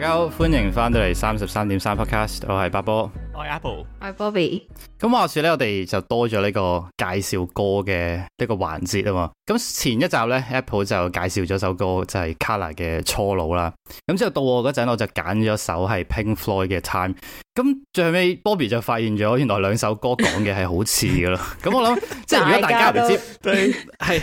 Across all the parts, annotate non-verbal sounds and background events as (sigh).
大家好，歡迎翻到嚟三十三點三 podcast，我係八波，我係 I Apple，我係 I Bobby。咁話說咧，我哋就多咗呢個介紹歌嘅呢個環節啊嘛。咁前一集咧，Apple 就介紹咗首歌，就係、是、c o l o r 嘅《初老》啦。咁之後到我陣我就揀咗首係 Pink Floyd 嘅《Time》。咁最尾 Bobby 就發現咗，原來兩首歌講嘅係好似嘅咯。咁 (laughs) 我諗，即係家如果大家唔知 (laughs) 對，係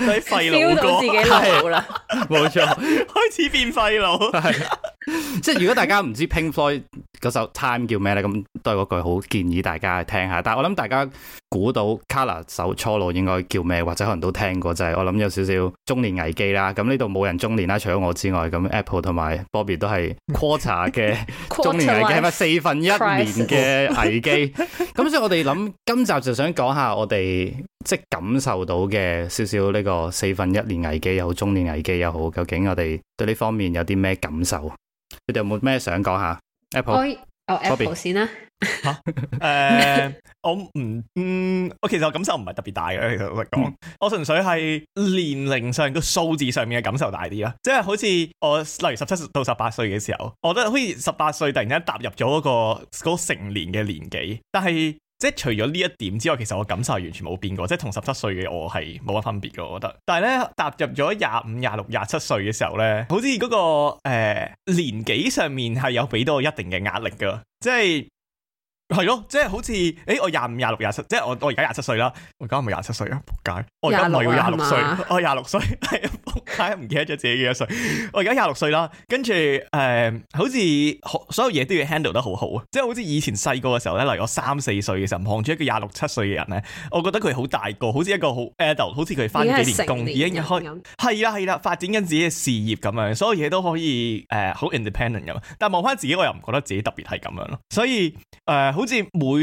係廢老歌，係啦，冇錯， (laughs) 開始變肺老。係 (laughs) 即係如果大家唔知 Pink Floyd 首 Time《Time》叫咩咧，咁都係句好建議大家去聽下。但係我諗大家估到 c o l o r 首《初老》應該叫咩，或者可能都～聽過就係、是、我諗有少少中年危機啦，咁呢度冇人中年啦，除咗我之外，咁 Apple 同埋 Bobby 都係 quarter 嘅 (laughs) (laughs) 中年危機，係咪四分一 Crisis. 年嘅危機，咁 (laughs) 所以我哋諗今集就想講下我哋即係感受到嘅少少呢個四分一年危機又好，中年危機又好，究竟我哋對呢方面有啲咩感受？你哋有冇咩想講下？Apple，哦 (laughs) ，Bobby、oh, Apple 先啦。吓，誒、呃，我唔、嗯，我其實我感受唔係特別大嘅。其實老實講，嗯、我純粹係年齡上嘅數字上面嘅感受大啲啦。即係好似我例如十七到十八歲嘅時候，我覺得好似十八歲突然間踏入咗嗰個嗰成年嘅年紀。但係即係除咗呢一點之外，其實我感受係完全冇變過，即係同十七歲嘅我係冇乜分別嘅。我覺得。但係呢踏入咗廿五、廿六、廿七歲嘅時候呢，好似嗰個誒年紀上面係有俾到一定嘅壓力嘅，即係。係咯，即係好似，誒、欸，我廿五、廿六、廿七，啊呃，即係我我而家廿七歲啦。我而家唔係廿七歲啊，仆街！我而家唔係要廿六歲，我廿六歲，仆街，唔記得咗自己幾多歲。我而家廿六歲啦，跟住誒，好似所有嘢都要 handle 得好好啊。即係好似以前細個嘅時候咧，例如我三四歲嘅時候，望住一個廿六七歲嘅人咧，我覺得佢好大個，好似一個好 adult，好似佢翻幾年工已經開，係啦係啦，發展緊自己嘅事業咁樣，所有嘢都可以誒好 independent 咁。呃、ind ent, 但望翻自己，我又唔覺得自己特別係咁樣咯。所以誒。呃好似每，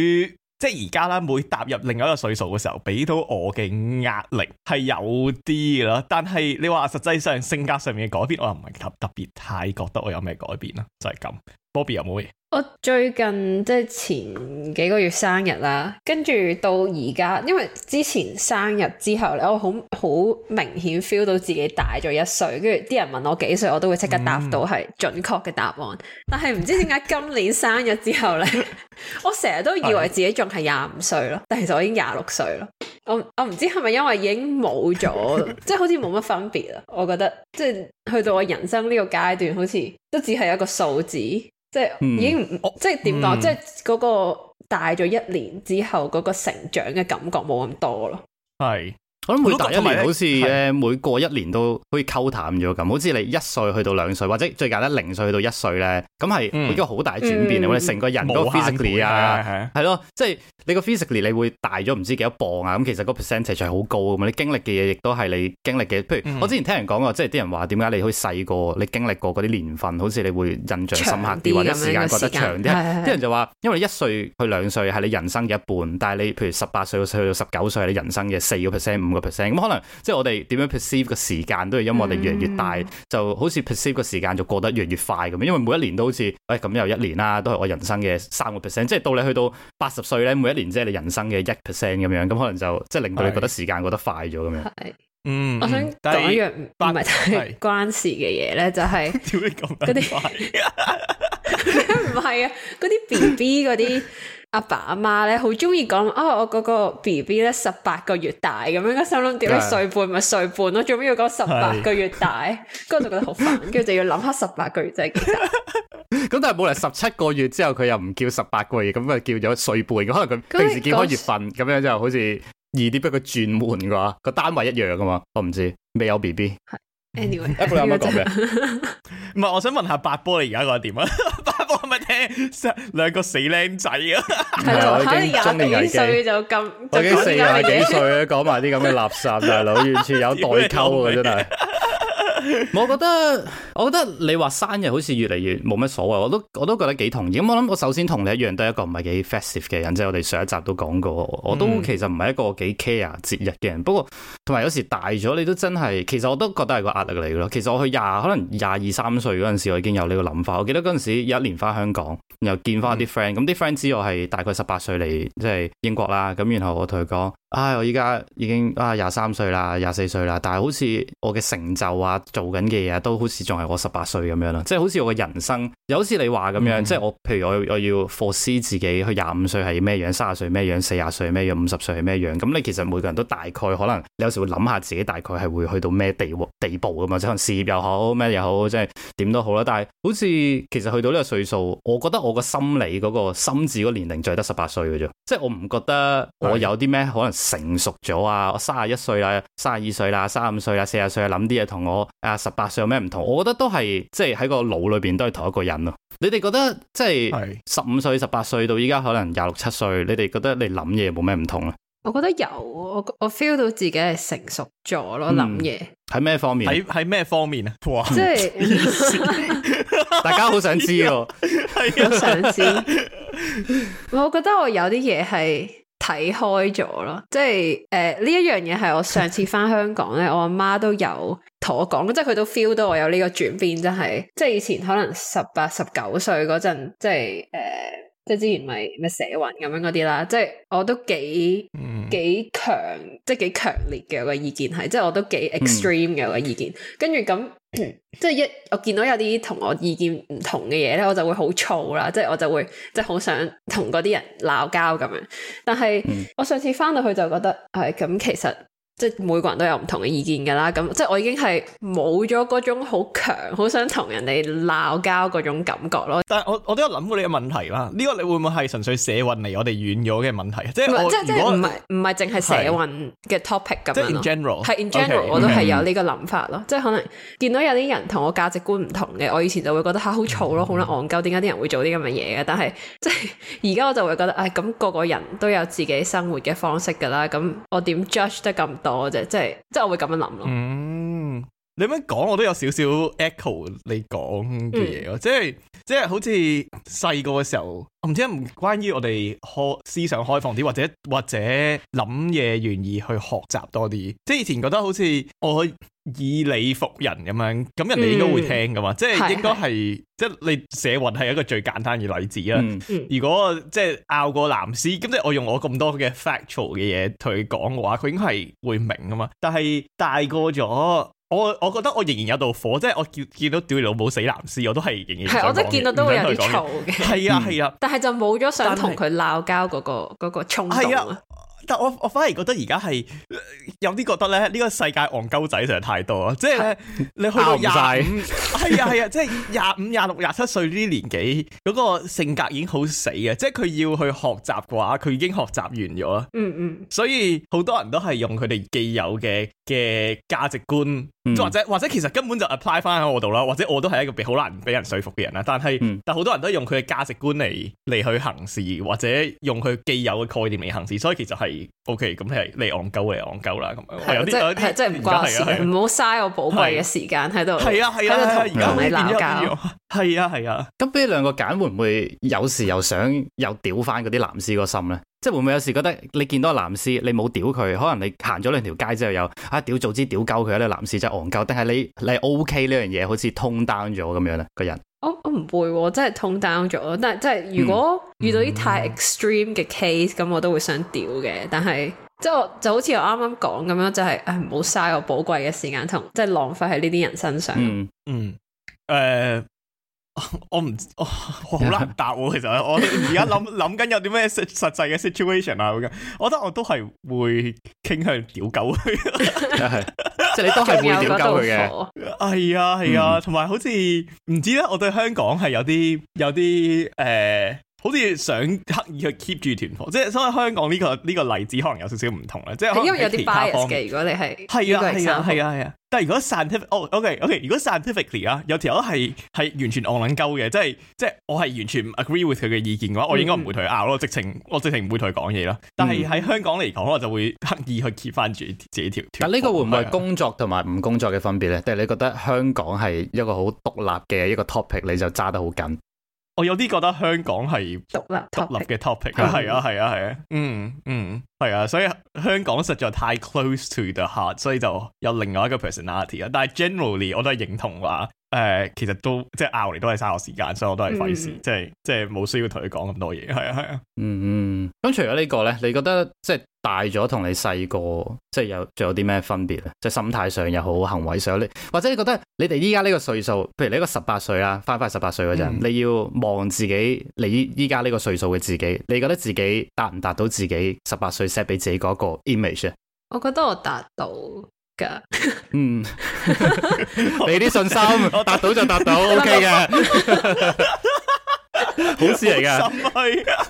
即係而家啦，每踏入另一個歲數嘅時候，俾到我嘅壓力係有啲嘅啦。但係你話實際上性格上面嘅改變，我又唔係特特別太覺得我有咩改變啦，就係咁。Bobby 有冇嘢？我最近即係前幾個月生日啦，跟住到而家，因為之前生日之後咧，我好好明顯 feel 到自己大咗一歲，跟住啲人問我幾歲，我都會即刻答到係準確嘅答案。嗯、但係唔知點解今年生日之後咧， (laughs) 我成日都以為自己仲係廿五歲咯，嗯、但其實我已經廿六歲咯。我我唔知係咪因為已經冇咗， (laughs) 即係好似冇乜分別啊。我覺得即係去到我人生呢個階段，好似都只係一個數字。即係已經唔、嗯、即係點講，嗯、即係嗰個大咗一年之後，嗰個成長嘅感覺冇咁多囉。係。我諗每大一年，好似誒每過一年都可以溝淡咗咁，好似你一歲去到兩歲，或者最簡單零歲去到一歲咧，咁係一個好大轉變、嗯嗯、ically, 啊！我哋成個人都 physically 啊，係咯，即係你個 physically 你會大咗唔知幾多磅啊！咁其實個 percentage 係好高嘅嘛。你經歷嘅嘢亦都係你經歷嘅，譬如我之前聽人講過，即係啲人話點解你好細個你經歷過嗰啲年份，好似你會印象深刻啲或者時間覺得長啲。啲對人就話因為一歲去兩歲係你人生嘅一半，但係你譬如十八歲去到十九歲係你人生嘅四個 percent 咁、嗯、可能即係我哋點樣 perceive 個時間都係因為我哋越嚟越大，就好似 perceive 個時間就過得越嚟越快咁樣，因為每一年都好似誒咁又一年啦，都係我人生嘅三個 percent，即係到你去到八十歲咧，每一年即係你人生嘅一 percent 咁樣，咁可能就即係令到你覺得時間是的 覺得快咗咁是的 樣。嗯，我想講一樣唔係關事嘅嘢咧，就係嗰啲唔係啊，嗰啲 B B 嗰啲阿爸阿媽咧，好中意講啊，我嗰個 B B 咧十八個月大咁樣，心諗叫咗歲半咪歲半咯，做咩要講十八個月大？跟住的就是的 (laughs) 我覺得好煩，跟住就要諗下十八個月即係幾大。咁 (laughs) 但係冇嚟，十七個月之後佢又唔叫十八個月，咁咪叫咗歲半。可能佢平時叫開月份咁樣就好似。 (laughs) 二啲畀佢轉換噶話，個單位一樣噶嘛，我唔知未有 B B。Anyway，阿講咩？唔係， (laughs) 我想問下八波你而家個點啊？八波係咪聽兩個死僆仔啊！係 (laughs) 啊，我已經中年危機就咁，就我已經四廿幾歲啦，講埋啲咁嘅垃圾大佬，完全有代溝啊，真係。 (laughs) 我覺得，我覺得你話生日好似越嚟越冇乜所謂，我都我都覺得幾同意。咁我諗我首先同你一樣都係一個唔係幾 festive 嘅人，即係我哋上一集都講過，我都其實唔係一個幾 care 節日嘅人。不過同埋有，有時大咗，你都真係，其實我都覺得係個壓力嚟嘅咯。其實我去廿可能廿二三歲嗰陣時，我已經有呢個諗法。我記得嗰陣時有一年翻香港，又見翻啲 friend，咁啲 friend 知我係大概十八歲嚟，即係英國啦。咁然後我同佢講。唉，我依家已經啊廿三歲啦，廿四歲啦，但係好似我嘅成就啊，做緊嘅嘢都好似仲係我十八歲咁樣咯，即係好似我嘅人生，又好似你話咁樣，嗯、即係我，譬如我我要 force 自己去廿五歲係咩樣，三十歲咩樣，四十歲咩樣，五十歲係咩樣，咁你其實每個人都大概可能，你有時會諗下自己大概係會去到咩地地步噶嘛，即係事業又好，咩又好，即係點都好啦。但係好似其實去到呢個歲數，我覺得我個心理嗰、嗰個心智嗰個年齡最得十八歲嘅啫，即係我唔覺得我有啲咩可能。成熟咗啊！我三十一歲啦，三十二歲啦，三十五歲啦，四十歲啊，諗啲嘢，同我啊十八歲有咩唔同？我覺得都係即係喺個腦裏邊都係同一個人咯、啊。你哋覺得即係十五歲、十八歲到依家可能廿六七歲，你哋覺得你諗嘢冇咩唔同啊？我覺得有，我我 feel 到自己係成熟咗咯，諗嘢喺咩方面？喺咩、嗯、方面啊？即係、啊、大家好想知哦、啊，好、啊啊、想知。我覺得我有啲嘢係。睇開咗咯，即係誒呢一樣嘢係我上次翻香港咧， (laughs) 我阿媽都有同我講，即係佢都 feel 到我有呢個轉變，真係，即係以前可能十八、十九歲嗰陣，即係誒。呃即係之前咪咩社運咁樣嗰啲啦，即係我都幾、嗯、幾強，即係幾強烈嘅個意見係，即係我都幾 extreme 嘅個意見。嗯、跟住咁，嗯、即係一我見到有啲同我意見唔同嘅嘢咧，我就會好燥啦，即係我就會即係好想同嗰啲人鬧交咁樣。但係我上次翻到去就覺得，係咁、嗯哎、其實。即係每個人都有唔同嘅意見噶啦，咁即係我已經係冇咗嗰種好強，好想同人哋鬧交嗰種感覺咯。但係我我都有諗過你嘅問題啦，呢、這個你會唔會係純粹社運離我哋遠咗嘅問題，不即係我即係唔係唔係淨係社運嘅 topic 咁樣咯是。係 in general, in general okay, 我都係有呢個諗法咯，okay. 即係可能見到有啲人同我價值觀唔同嘅，我以前就會覺得吓好嘈咯，好撚戇鳩，點解啲人，家人家會做啲咁嘅嘢嘅？但係即係而家我就會覺得，唉、哎、咁、哎、個個人都有自己生活嘅方式噶啦，咁我點 judge 得咁？我啫，即係即係，我會咁樣諗咯。嗯，你咁樣講，我都有少少 echo 你講嘅嘢咯。即係即係，好似細個嘅時候，我唔知唔關於我哋學思想開放啲，或者或者諗嘢願意去學習多啲。即係以前覺得好似我。以理服人咁樣，咁人哋、嗯、應該會聽㗎嘛，係係，即係應該係，即係你社運係一個最簡單嘅例子啦、啊。嗯嗯、如果過藍絲即係拗過藍絲，咁即係我用我咁多嘅 factual 嘅嘢同佢講嘅話，佢應該係會明㗎嘛。但係大個咗，我我覺得我仍然有道火，即係我見見到屌你老母死藍絲，我都係仍然想係，我都係見到都會有嘈嘅。係、嗯、啊，係啊，但係就冇咗想同佢鬧交嗰個衝動啊。但我我反而覺得而家係有啲覺得咧，呢個世界戇鳩仔實在太多啊！即係咧，你去到廿五，係啊係啊，即係廿五廿六廿七歲呢啲年紀，嗰個性格已經好死嘅，即係佢要去學習嘅話，佢已經學習完咗啦、嗯。嗯嗯，所以好多人都係用佢哋既有嘅嘅價值觀，嗯、或者或者其實根本就 apply 翻喺我度啦，或者我都係一個好難俾人說服嘅人啦。但係、嗯、但好多人都係用佢嘅價值觀嚟嚟去行事，或者用佢既有嘅概念嚟行事，所以其實係。O K，咁係你戇鳩嘅戇鳩啦，咁樣係有啲係真係唔關事，唔好嘥我寶貴嘅時間喺度，係啊係啊同你鬧交，係啊係啊。咁呢兩個揀會唔會有時又想又屌翻嗰啲男士個心咧？即係會唔會有時覺得你見到個男士，你冇屌佢，可能你行咗兩條街之後又啊屌，早知屌鳩佢呢啦！男士真係戇鳩，但係你你 O K 呢樣嘢好似通單咗咁樣咧，個人。哦、我會我唔會，真係通 down 咗。但係真係如果遇到啲太 extreme 嘅 case，咁、嗯、我都會想屌嘅。但係即係就好似我啱啱講咁樣，就係唔好嘥我寶貴嘅時間，同即係浪費喺呢啲人身上。嗯，誒、嗯。呃我唔我好難答喎，其實我而家諗諗緊有啲咩實實際嘅 situation 啊，我覺得我都係會傾向屌狗佢， (noise) (noise) (noise) 即係即係你都係會屌鳩佢嘅，係啊係啊，同埋、啊啊、好似唔知咧，我對香港係有啲有啲誒。呃好似想刻意去 keep 住團火，即係所以香港呢個呢個例子可能有少少唔同啦，即係因為有啲 bias 嘅。如果你係係啊係啊係啊係啊，啊，啊，但係如果 scientific 哦，OK OK，如果 scientifically 啊，有條友係係完全 on 捻鳩嘅，即係即係我係完全唔 agree with 佢嘅意見嘅話，我應該唔會同佢拗咯，直情、嗯、我直情唔會同佢講嘢啦。但係喺香港嚟講，我就會刻意去 keep 翻住自己條團火。但呢個會唔會係工作同埋唔工作嘅分別咧？即係你覺得香港係一個好獨立嘅一個 topic，你就揸得好緊。我有啲覺得香港係獨立立嘅 topic，係啊、嗯、係啊係啊係啊，嗯嗯係啊，所以香港實在太 close to the heart，所以就有另外一個 personality 啦。但係 generally 我都係認同話，誒、呃、其實都即係拗嚟都係嘥我時間，所以我都係費事，即係即係冇需要同佢講咁多嘢。係啊係啊係啊，嗯嗯。咁、嗯、除咗呢、呢個呢，你覺得即係大咗同你細個即係有仲有啲咩分別呢？即係心態上又好，行為上你或者你覺得你哋依家呢個歲數，譬如你一個十八歲啦，翻翻十八歲嗰陣，嗯、你要望自己你依家呢個歲數嘅自己，你覺得自己達唔達到自己十八歲 set 俾自己嗰個 image？我覺得我達到噶，嗯，你啲信心， (laughs) 我達到就達到 (laughs) ，OK 嘅的。 (laughs) (laughs) 好事嚟來噶，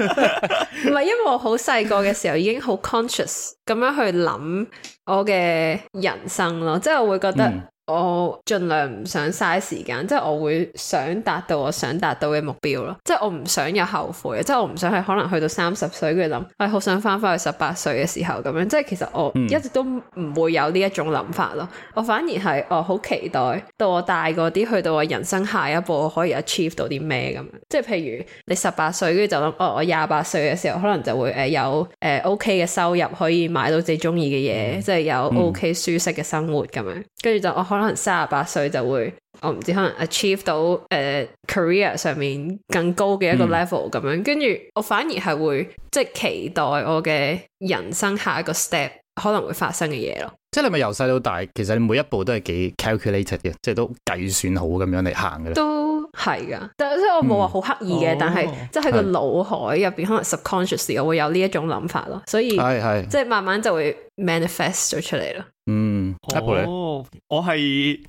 (laughs) 唔係因為我好細個嘅時候已經好 conscious 咁樣去諗我嘅人生咯，即係我會覺得。嗯我盡量唔想嘥時間，即係我會想達到我想達到嘅目標咯，即係我唔想有後悔，即係我唔想去可能去到三十歲跟住諗，哎，好想翻返去十八歲嘅時候咁樣，即係其實我一直都唔會有呢一種諗法咯，嗯、我反而係哦，好期待到我大個啲，去到我人生下一步可以 achieve 到啲咩咁樣，即係譬如你十八歲跟住就諗，哦，我廿八歲嘅時候可能就會誒、呃、有誒、呃、OK 嘅收入，可以買到自己中意嘅嘢，即係有 OK 舒適嘅生活咁樣，跟住、嗯、就我可能三十八歲就會，我唔知可能 achieve 到誒、uh, career 上面更高嘅一個 level 咁、嗯、樣，跟住我反而係會即係、就是、期待我嘅人生下一個 step 可能會發生嘅嘢咯。即係你咪由細到大，其實你每一步都係幾 calculated 嘅，即係都計算好咁樣嚟行嘅。都係噶，但係所以我冇話好刻意嘅，但係即係喺個腦海入邊的可能 subconscious 我會有呢一種諗法咯，所以係係，即係慢慢就會 manifest 咗出嚟咯。的嗯，我係，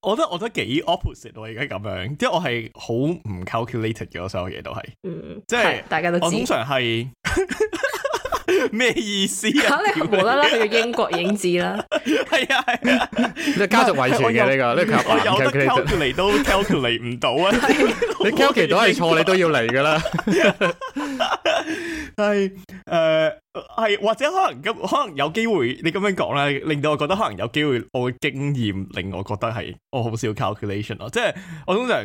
我覺得我覺得幾 opposite，我而家咁樣，即係我係好唔 calculated 嘅，所有嘢都係，即係大家都知，通常係咩意思啊？你無啦啦去到英國影子啦，係啊係啊，你家族遺傳嘅呢個呢個合法，有得 calculate 都 calculate 唔到啊，你 calculate 唔到係錯，你都要嚟噶啦。係誒，係、呃、或者可能咁，可能有機會你咁樣講咧，令到我覺得可能有機會，我嘅經驗令我覺得係我好少 calculation 咯，即係我通常，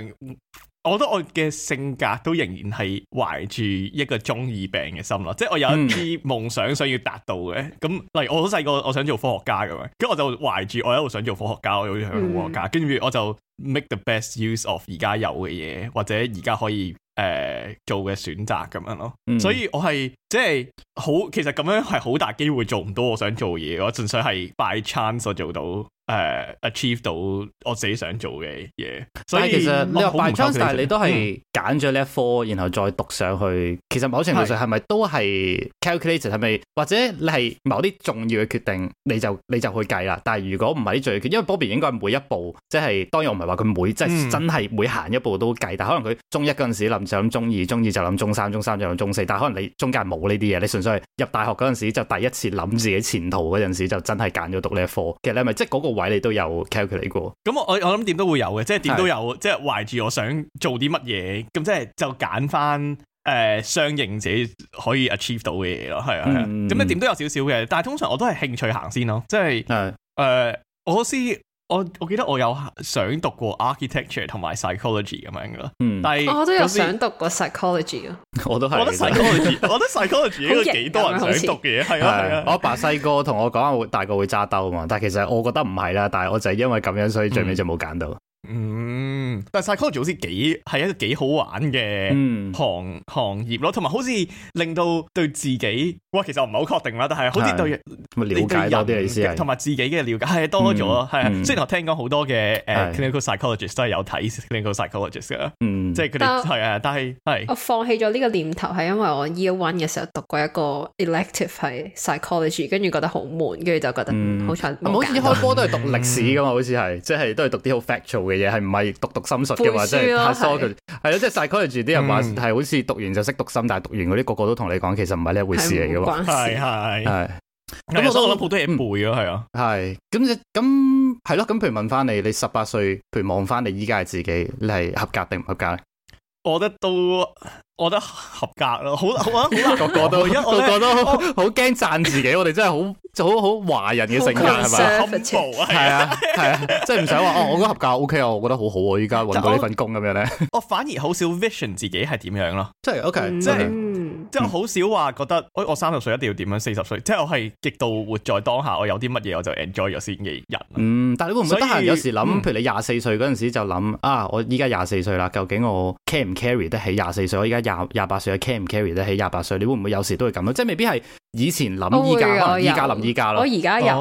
我覺得我嘅性格都仍然係懷住一個中二病嘅心咯，即係我有一啲夢想想要達到嘅，咁、mm. 例如我好細個，我想做科學家嘅，跟住我就懷住我一路想做科學家，我一路想做科學家，跟住我就 make the best use of 而家有嘅嘢，或者而家可以。誒、呃，做嘅選擇咁樣咯， (noise) 所以我係即係好，其實咁樣係好大機會做唔到我想做嘢，我純粹係 by chance 所做到。誒、uh, achieve 到我自己想做嘅嘢，所以其實你話但係你都係揀咗呢一科，嗯、然後再讀上去。其實某程度上係咪都係 calculated 係咪或者你係某啲重要嘅決定，你就你就去計啦。但係如果唔係啲最，因為 Bobby 應該係每一步，即、就、係、是、當然我唔係話佢每，即、就、係、是、真係每行一步都計，嗯、但可能佢中一嗰陣時諗就諗中二，中二就諗中三，中三就諗中四。但係可能你中間冇呢啲嘢，你純粹係入大學嗰陣時就第一次諗自己前途嗰陣時就真係揀咗讀呢一科。其實你係咪即係嗰個位你都有 calculate 過，咁我我我諗點都會有嘅，即係點都有，係啊，即係懷住我想做啲乜嘢，咁係啊，即係就揀翻誒相應自己可以 achieve 到嘅嘢咯，係啊，係啊，咁咧點都有少少嘅，但係通常我都係興趣行先咯，即係誒我先。我我記得我有想讀過 architecture 同埋 psychology 咁樣咯，嗯，但係我都有想讀過 psychology 咯，我都係，我覺得 psychology，我覺得 psychology 應該幾多人想讀嘅，係啊，我阿爸細個同我講會大個會揸兜啊嘛，但係其實我覺得唔係啦，但係我就係因為咁樣，所以最尾就冇揀到，嗯，但係 psychology 好似幾係一個幾好玩嘅行行業咯，同埋好似令到對自己。其實唔係好確定啦，但係好似對了解有啲意思，同埋自己嘅了解係多咗，係即係雖然我聽講好多嘅誒 clinical psychologist 都係有睇 clinical psychologist 噶，即係佢哋係啊，但係係我放棄咗呢個念頭係因為我 year one 嘅時候讀過一個 elective 係 psychology，跟住覺得好悶，跟住就覺得好蠢。唔好意思，開波都係讀歷史噶嘛，好似係即係都係讀啲好 factual 嘅嘢，係唔係讀讀心術嘅話即係疏佢。係咯，即係 psychology 啲人話係好似讀完就識讀心，但係讀完嗰啲個個都同你講其實唔係呢一回事嚟嘅。係係係，咁所以我諗好多嘢背咯，係啊。係咁即咁係咯，咁譬如問翻你，你十八歲，譬如望翻你依家嘅自己，你係合格定唔合格？我覺得都，我覺得合格咯，好難，好難，個個都，因個個都好驚讚自己，我哋真係好，就好好華人嘅性格係咪？係啊係啊，真係唔使話哦，我覺得合格 O K 啊，我覺得好好啊，依家搵到呢份工咁樣咧。我反而好少 vision 自己係點樣咯，即係 O K，即係。 (noise) 即係好少話覺得，哎、我我三十歲一定要點樣？四十歲，即係我係極度活在當下。我有啲乜嘢我就 enjoy 咗先嘅人。嗯，但係你會唔會得閒以有時諗？譬如你廿四歲嗰陣時就諗啊，我依家廿四歲啦，究竟我 carry 唔 carry 得起廿四歲？我依家廿廿八歲，carry 唔 carry 得起廿八歲？你會唔會有時都會咁樣？即係未必係。以前諗依家，依家諗依家咯。我而家有嘅，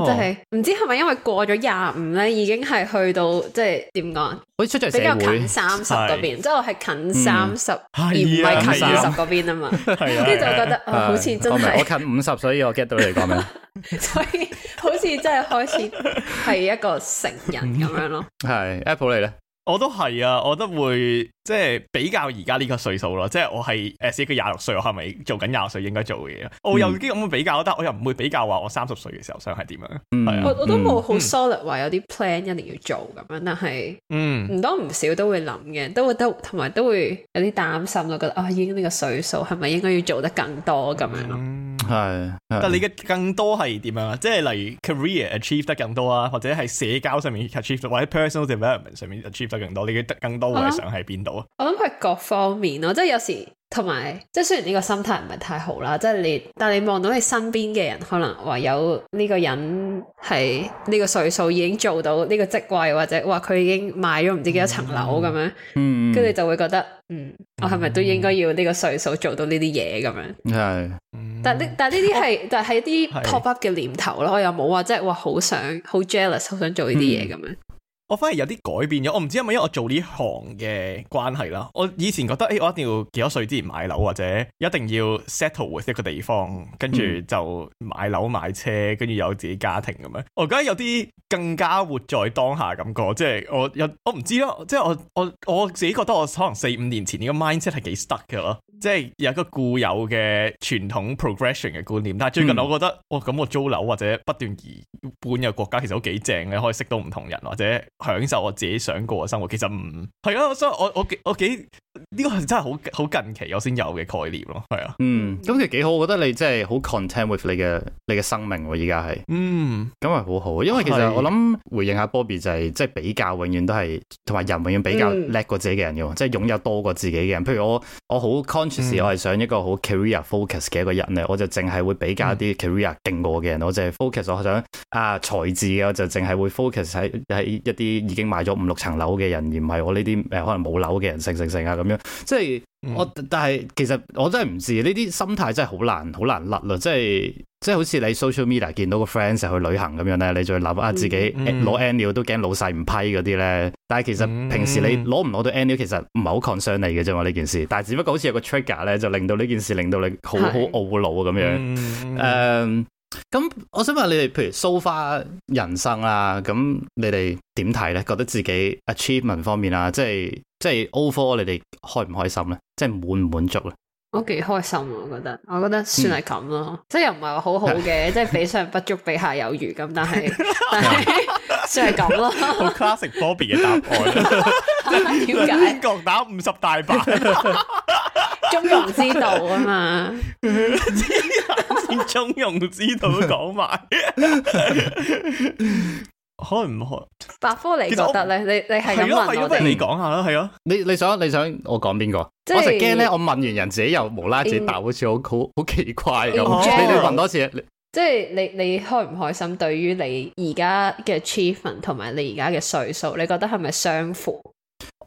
我真係唔知係咪因為過咗廿五咧，已經係去到即係點講？好似出咗比較近三十嗰邊，即係我係近三十而唔係近二十嗰邊啊嘛。跟住就覺得好似真係我近五十，所以我 get 到你講咩？所以好似真係開始係一個成人咁樣咯。係 Apple 嚟咧。我都係啊，我都會即係比較而家呢個歲數咯，即係我係誒，佢廿六歲，我係咪做緊廿歲應該做嘅嘢？我有啲咁嘅比較，得，我又唔會比較話我三十歲嘅時候想係點樣，嗯啊我。我我都冇好 solid 話有啲 plan 一定要做咁樣，但係唔多唔少都會諗嘅，都會都同埋都會有啲擔心咯，覺得啊，已經呢個歲數係咪應該要做得更多咁樣咯？嗯嗯係，但係你嘅更多係點樣啊？即係例如 career achieve 得更多啊，或者係社交上面 achieve，或者 personal development 上面 achieve 得更多。你嘅得更多係係我，我想喺邊度啊？我諗佢各方面咯，即係有時。同埋，即係雖然呢個心態唔係太好啦，即係你，但係你望到你身邊嘅人，可能話有呢個人係呢個歲數已經做到呢個職位，或者話佢已經買咗唔知幾多層樓咁樣，嗯，跟住你就會覺得，嗯，嗯我係咪都應該要呢個歲數做到呢啲嘢咁樣？係、嗯，嗯、但呢、嗯、但呢啲係，啊、但係啲 pop up 嘅念頭咯，是我又冇話即係話好想好 jealous，好想做呢啲嘢咁樣。嗯。我反而有啲改變咗，我唔知係咪因為我做呢行嘅關係啦。我以前覺得，誒、欸，我一定要幾多歲之前買樓或者一定要 settle with 一個地方，跟住就買樓買車，跟住有自己家庭咁樣。我而家有啲更加活在當下感覺，即係我有我唔知啦，即係我我我自己覺得我可能四五年前呢個 mindset 係幾 stuck 嘅咯，即係有一個固有嘅傳統 progression 嘅觀念。但係最近我覺得，哇、嗯哦，咁我租樓或者不斷移搬嘅國家其實都幾正嘅，可以識到唔同人或者。享受我自己想過嘅生活，其實，唔係啊，所以我我我幾。呢個係真係好好近期我先有嘅概念咯。係啊、嗯，嗯，咁、嗯嗯、其實幾好，我覺得你真係好 content with 你嘅你嘅生命，啊，依家係，嗯，咁係好好，因為其實我諗回應下 Bobby 就係、是、即係比較永遠都係同埋人永遠比較叻過自己嘅人嘅，嗯、即係擁有多過自己嘅人。譬如我我好 conscious，我係想一個好 career focus 嘅一個人咧，嗯、我就淨係會比較一啲 career 勁過嘅人，嗯我 focus，我啊，我就係 focus 我想啊才智嘅就淨係會 focus 喺喺一啲已經買咗五六層樓嘅人，而唔係我呢啲，呃、可能冇樓嘅人，成成啊！咁樣，即係我，嗯、但係其實我真係唔知呢啲心態真係好難，好難甩咯。即係即係，好似你 social media 見到個 friend 成日去旅行咁樣咧，你再諗啊自己攞 annual 都驚老細唔批嗰啲咧。但係其實平時你攞唔攞到 annual，其實唔係好 concern 你嘅啫嘛呢件事。但係只不過好似有個 trigger 咧，就令到呢件事令到你好好懊惱咁樣嗯。嗯。Um, 咁我想問你哋，譬如 so far 人生啊，咁你哋點睇咧？覺得自己 achievement 方面啊，即係即係 overall，你哋開唔開心咧？即係滿唔滿足咧？我幾開心啊！我覺得，我覺得算係咁咯，嗯、即係又唔係話好好嘅， (laughs) 即係比上不足，比下有餘咁，但係 (laughs) 但係算係咁咯。好 (laughs) classic (laughs) Bobby 嘅答案，點解各打五十大板？ (laughs) 中庸之道啊嘛， (laughs) (laughs) 中庸之道講埋，開唔開？百科你覺得咧實，你問我你係，如果唔你講下啦，係啊，你你想你想我講邊個？就是，我成日驚咧，我問完人自己又無啦自己答，好似好好好奇怪咁，嗯、你你問多次，即係、哦、你你開唔開心？對於你而家嘅 achievement 同埋你而家嘅歲數，你覺得係咪相符？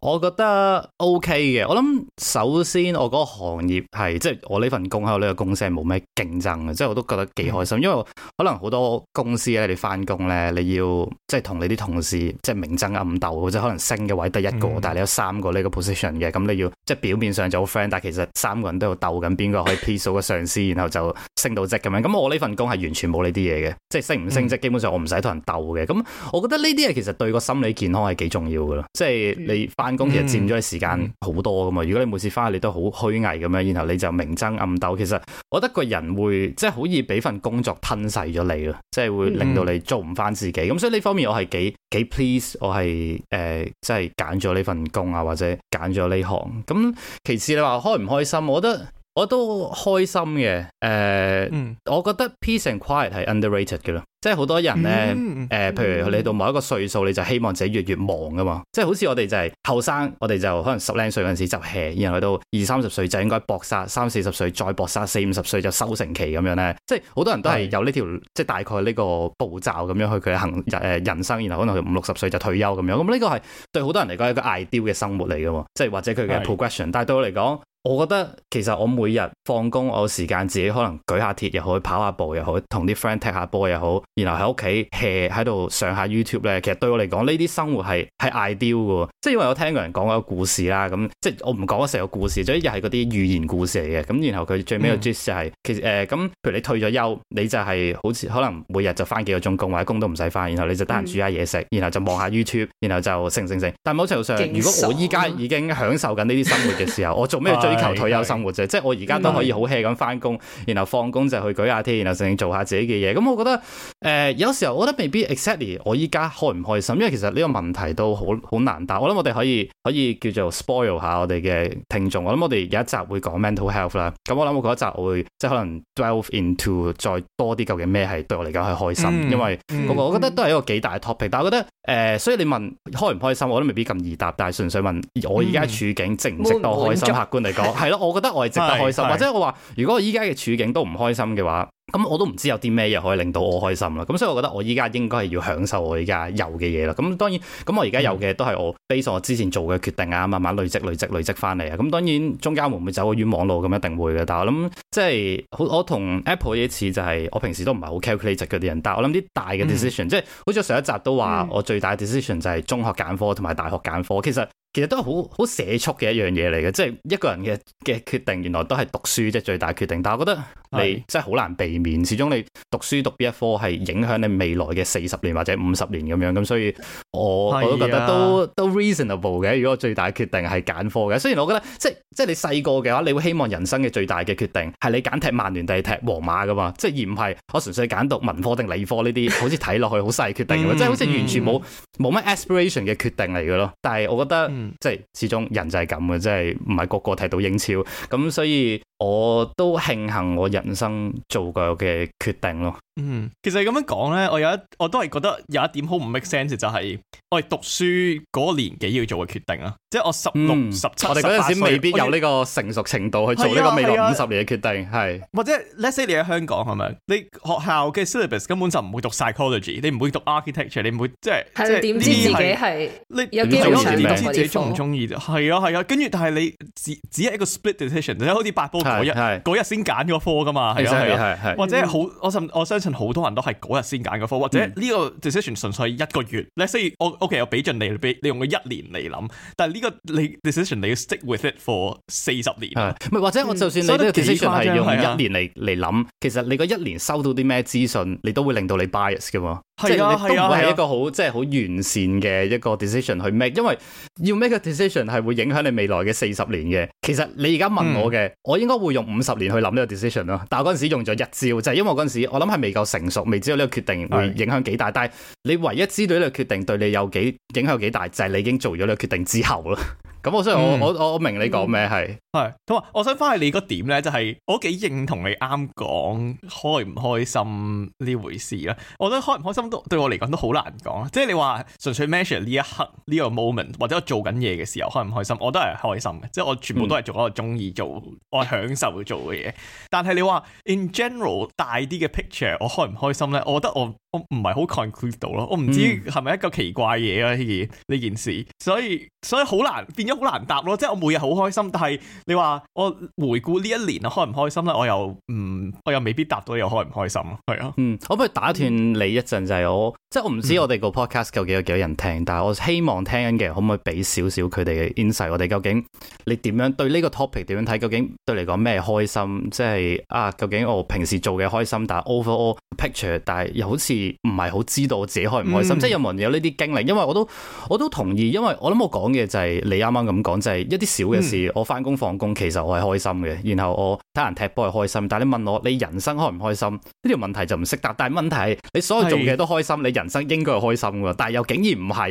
我覺得 OK 嘅，我諗首先我嗰個行業係，即係我呢份工喺我呢個公司係冇咩競爭嘅，即係我都覺得幾開心，因為可能好多公司咧，你翻工咧，你要即係同你啲同事即係明爭暗鬥，即係可能升嘅位得一個，但係你有三個呢個 position 嘅，咁你要即係表面上就好 friend，但係其實三個人都喺度鬥緊邊個可以 piece 到個上司，然後就升到職咁樣。咁我呢份工係完全冇呢啲嘢嘅，即係升唔升職基本上我唔使同人鬥嘅。咁我覺得呢啲嘢其實對個心理健康係幾重要噶啦，即係你翻。 (laughs) 工、嗯、其實佔咗你時間好多㗎嘛。如果你每次翻去你都好虛偽咁樣，然後你就明爭暗鬥，其實我覺得個人會即係好易俾份工作吞噬咗你咯，即係會令到你做唔翻自己。咁、嗯、所以呢方面我係幾幾 please，我係誒即係揀咗呢份工啊，或者揀咗呢行。咁其次你話開唔開心，我覺得。我都開心嘅，誒、呃，嗯、我覺得 peace and quiet 係 underrated 嘅咯，即係好多人咧，誒、嗯呃，譬如你到某一個歲數，你就希望自己越越忙噶嘛，即係好似我哋就係後生，我哋就可能十零歲嗰陣時執 hea，然後去到二三十歲就應該搏殺，三四十歲再搏殺，四五十歲就收成期咁樣咧，即係好多人都係有呢條，是的 即係大概呢個步驟咁樣去佢行誒、呃、人生，然後可能佢五六十歲就退休咁樣，咁呢個係對好多人嚟講係一個 ideal 嘅生活嚟噶，即係或者佢嘅 progression，但係對我嚟講。我覺得其實我每日放工，我有時間自己可能舉下鐵，又好跑下步，又好同啲 friend 踢下波，又好，然後喺屋企 hea 喺度上下 YouTube 咧。其實對我嚟講，呢啲生活係係 ideal 嘅，即係因為我聽個人講個故事啦，咁即係我唔講成個故事，就又係嗰啲寓言故事嚟嘅。咁然後佢最尾個 gist 就係、是，嗯、其實誒咁、呃，譬如你退咗休，你就係好似可能每日就翻幾個鐘工，或者工都唔使翻，然後你就得閒煮下嘢食，嗯、然後就望下 YouTube，然後就成成成。但係某程度上，如果我依家已經享受緊呢啲生活嘅時候，嗯、 (laughs) 我做咩追求退休生活啫，的即係我而家都可以好 hea 咁翻工，的然後放工就去舉下天，然後正，正做下自己嘅嘢。咁、嗯、我覺得誒、呃，有時候我覺得未必 exactly 我依家開唔開心，因為其實呢個問題都好好難答。我諗我哋可以可以叫做 spoil 下我哋嘅聽眾。我諗我哋有一集會講 mental health 啦，咁我諗我嗰一集會即係可能 drill、well、into 再多啲究竟咩係對我嚟講係開心，嗯、因為嗰個我覺得都係一個幾大 topic。但係我覺得誒、呃，所以你問開唔開心，我都未必咁易答。但係純粹問我而家處境值唔值得開心，嗯嗯、客觀嚟講。係咯， (laughs) 我覺得我係值得開心，或者我話如果我依家嘅處境都唔開心嘅話，咁我都唔知有啲咩嘢可以令到我開心啦。咁所以我覺得我依家應該係要享受我依家有嘅嘢啦。咁當然，咁我而家有嘅都係我 base 我之前做嘅決定啊，慢慢累積累積累積翻嚟啊。咁當然中間會唔會走個冤枉路，咁一定會嘅。但係我諗即係好，我同 Apple 一次就係、是、我平時都唔係好 calculate 嘅啲人，但係我諗啲大嘅 decision，嗯、即係好似上一集都話、嗯、我最大嘅 decision 就係中學揀科同埋大學揀科，其實。其實都係好好社畜嘅一樣嘢嚟嘅，即係一個人嘅嘅決定，原來都係讀書即係最大決定。但係我覺得你真係好難避免，始終你讀書讀邊一科係影響你未來嘅四十年或者五十年咁樣。咁所以我我都覺得都是、啊、都 reasonable 嘅。如果最大決定係揀科嘅，雖然我覺得即係即係你細個嘅話，你會希望人生嘅最大嘅決定係你揀踢曼聯定係踢皇馬噶嘛？即係而唔係我純粹揀讀文科定理科呢啲，好似睇落去好細決定， (laughs) mm hmm. 即係好似完全冇冇咩 aspiration 嘅決定嚟嘅咯。但係我覺得、mm。Hmm. 即係始終人就係咁嘅，即係唔係個個睇到英超，咁所以。我都慶幸我人生做過嘅決定咯。嗯，其實咁樣講咧，我有一，我都係覺得有一點好唔 make sense 就係我哋讀書嗰個年紀要做嘅決定啊。即係我十六、十七、十八歲，我哋嗰陣時，未必有呢個成熟程度去做呢個未來五十年嘅決定。係或者，let’s say 你喺香港係咪？你學校嘅 syllabus 根本就唔會讀 psychology，你唔會讀 architecture，你唔會即係，即係點知自己係？你有幾多點知自己中唔中意？係啊係啊，跟住但係你只只係一個 split decision，即好似八嗰日嗰日先揀嗰科噶嘛，係啊係啊，或者好，我甚我相信好多人都係嗰日先揀嗰科，嗯、或者呢個 decision 純粹一個月。你雖然、okay, 我 OK，有俾盡你，你用個一年嚟諗，但係呢個你 decision 你要 stick with it for 四十年啊，係或者我就算你都幾誇張用一年嚟嚟諗，嗯、其實你個一年收到啲咩資訊，拖綁你都會令到你 bias 噶。係啊，都唔係一個好，啊、即係好完善嘅一個 decision 去 make，因為要 make 嘅 decision 係會影響你未來嘅四十年嘅。其實你而家問我嘅，嗯、我應該會用五十年去諗呢個 decision 咯。但係我嗰陣時用咗一招，就係、是、因為我嗰陣時我諗係未夠成熟，未知道呢個決定會影響幾大。是但係你唯一知道呢個決定對你有幾影響幾大，就係、是、你已經做咗呢個決定之後咯。咁 (laughs) 我所以、嗯，我我我明你講咩係係。咁、嗯、是我想翻去你個點咧，就係我幾認同你啱講開唔開心呢回事啦。我覺得開唔開心，都對我嚟講都好難講，即係你話純粹 measure 呢一刻呢個 moment 或者我做緊嘢嘅時候開唔開心，我都係開心嘅，即係我全部都係做我中意做，嗯、做我享受去做嘅嘢。但係你話 in general 大啲嘅 picture，我開唔開心呢？我覺得我我唔係好 conclude 到咯，我唔知係咪一個奇怪嘢啊呢件呢件事，所以所以好難變咗好難答咯。即係我每日好開心，但係你話我回顧呢一年開唔開心呢？我又唔、嗯、我又未必答到又、這個、開唔開心，係啊，嗯，可唔可以打斷你一陣？係我即係我唔知我哋個 podcast 究竟有幾多人聽，但係我希望聽緊嘅人可唔可以俾少少佢哋嘅 insight，我哋究竟你點樣對呢個 topic 點樣睇？究竟對你講咩開心？即係啊，究竟我平時做嘅開心，但係 overall picture，但係又好似唔係好知道我自己開唔開心？嗯、即係有冇人有呢啲經歷？因為我都我都同意，因為我諗我講嘅就係、是、你啱啱咁講，就係、是、一啲小嘅事，嗯、我返工放工其實我係開心嘅，然後我睇人踢波係開心，但係你問我你人生開唔開心呢條問題就唔識答。但係問題你所有做嘅是。都。開心，你人生應該係開心噶，但係又竟然唔係，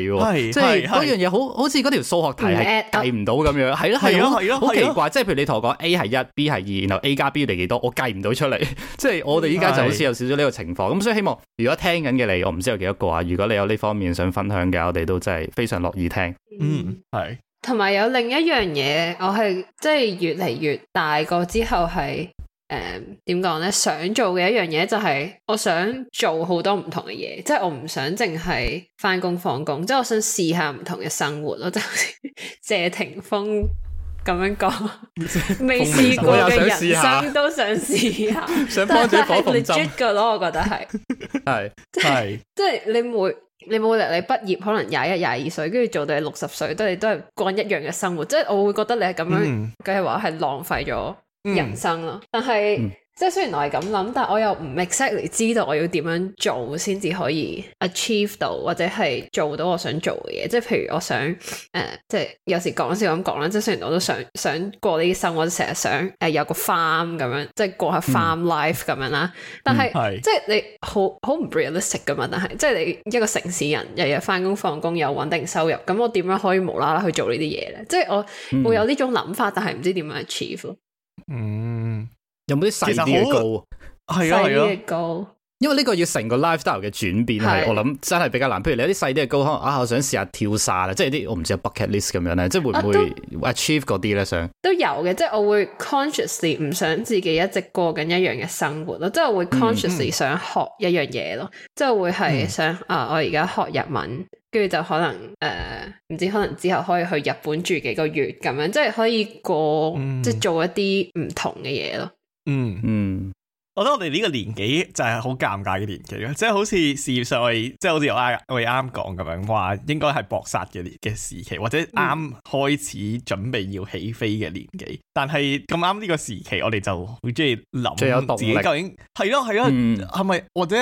即係嗰樣嘢，好好似嗰條數學題係計唔到咁樣，係咯係咯，好奇怪，即係譬如你同我講 A 係一，B 係二，然後 A 加 B 嚟幾多，我計唔到出嚟，即係我哋依家就好似有少少呢個情況，咁所以希望如果聽緊嘅你，我唔知有幾多個啊，如果你有呢方面想分享嘅，我哋都真係非常樂意聽。嗯，係。同埋有另一樣嘢，我係即係越嚟越大個之後係。誒，點講咧？想做嘅一樣嘢就係，我想做好多唔同嘅嘢，即係我唔想淨係返工放工，即係我想試下唔同嘅生活咯。就好似謝霆鋒咁樣講，未試過嘅人生都想試下，想幫自己火紅針噶咯。我覺得係，係係，即係你每你冇理由你畢業可能廿一廿二歲，跟住做到歲你六十歲都係都係過一樣嘅生活，即係我會覺得你係咁樣，嘅係話係浪費咗人生咯，但係、嗯、即係雖然我係咁諗，但我又唔 exactly 知道我要點樣做先至可以 achieve 到，或者係做到我想做嘅嘢。即係譬如我想誒、呃、即係有時講笑咁講啦。即係雖然我都想想過呢啲生活，成日想誒、呃、有個 farm 咁樣，即係過下 farm life 咁樣啦。嗯、但係是、嗯、即係你好好唔 realistic 噶嘛？但係即係你一個城市人，日日翻工放工，有穩定收入，咁我點樣可以無啦啦去做呢啲嘢咧？即係我會有呢種諗法，但係唔知點樣 achieve 嗯，有冇啲細啲嘅高啊？係啊係啊，啊啊高，因為呢個要成個 lifestyle 嘅轉變係，是我諗真係比較難。譬如你有啲細啲嘅高，可能啊，我想試下跳傘咧，即係啲我唔知有 bucket list 咁樣咧，即係會唔會、啊、achieve 嗰啲咧？想都有嘅，即係我會 consciously 唔想自己一直過緊一樣嘅生活咯，即係我會 consciously 想學一樣嘢咯，嗯嗯、即係會係想啊，我而家學日文。跟住就可能，誒、呃，唔知可能之後可以去日本住幾個月咁樣，即係可以過，嗯、即係做一啲唔同嘅嘢咯。嗯嗯。我覺得我哋呢個年紀就係、就是、好尷尬嘅年紀，即係好似事業上我，即、就、係、是、好似我啱我啱講咁樣，話應該係搏殺嘅嘅時期，或者啱開始準備要起飛嘅年紀。但係咁啱呢個時期，我哋就好中意諗自己究竟係咯係咯，係咪、嗯、或者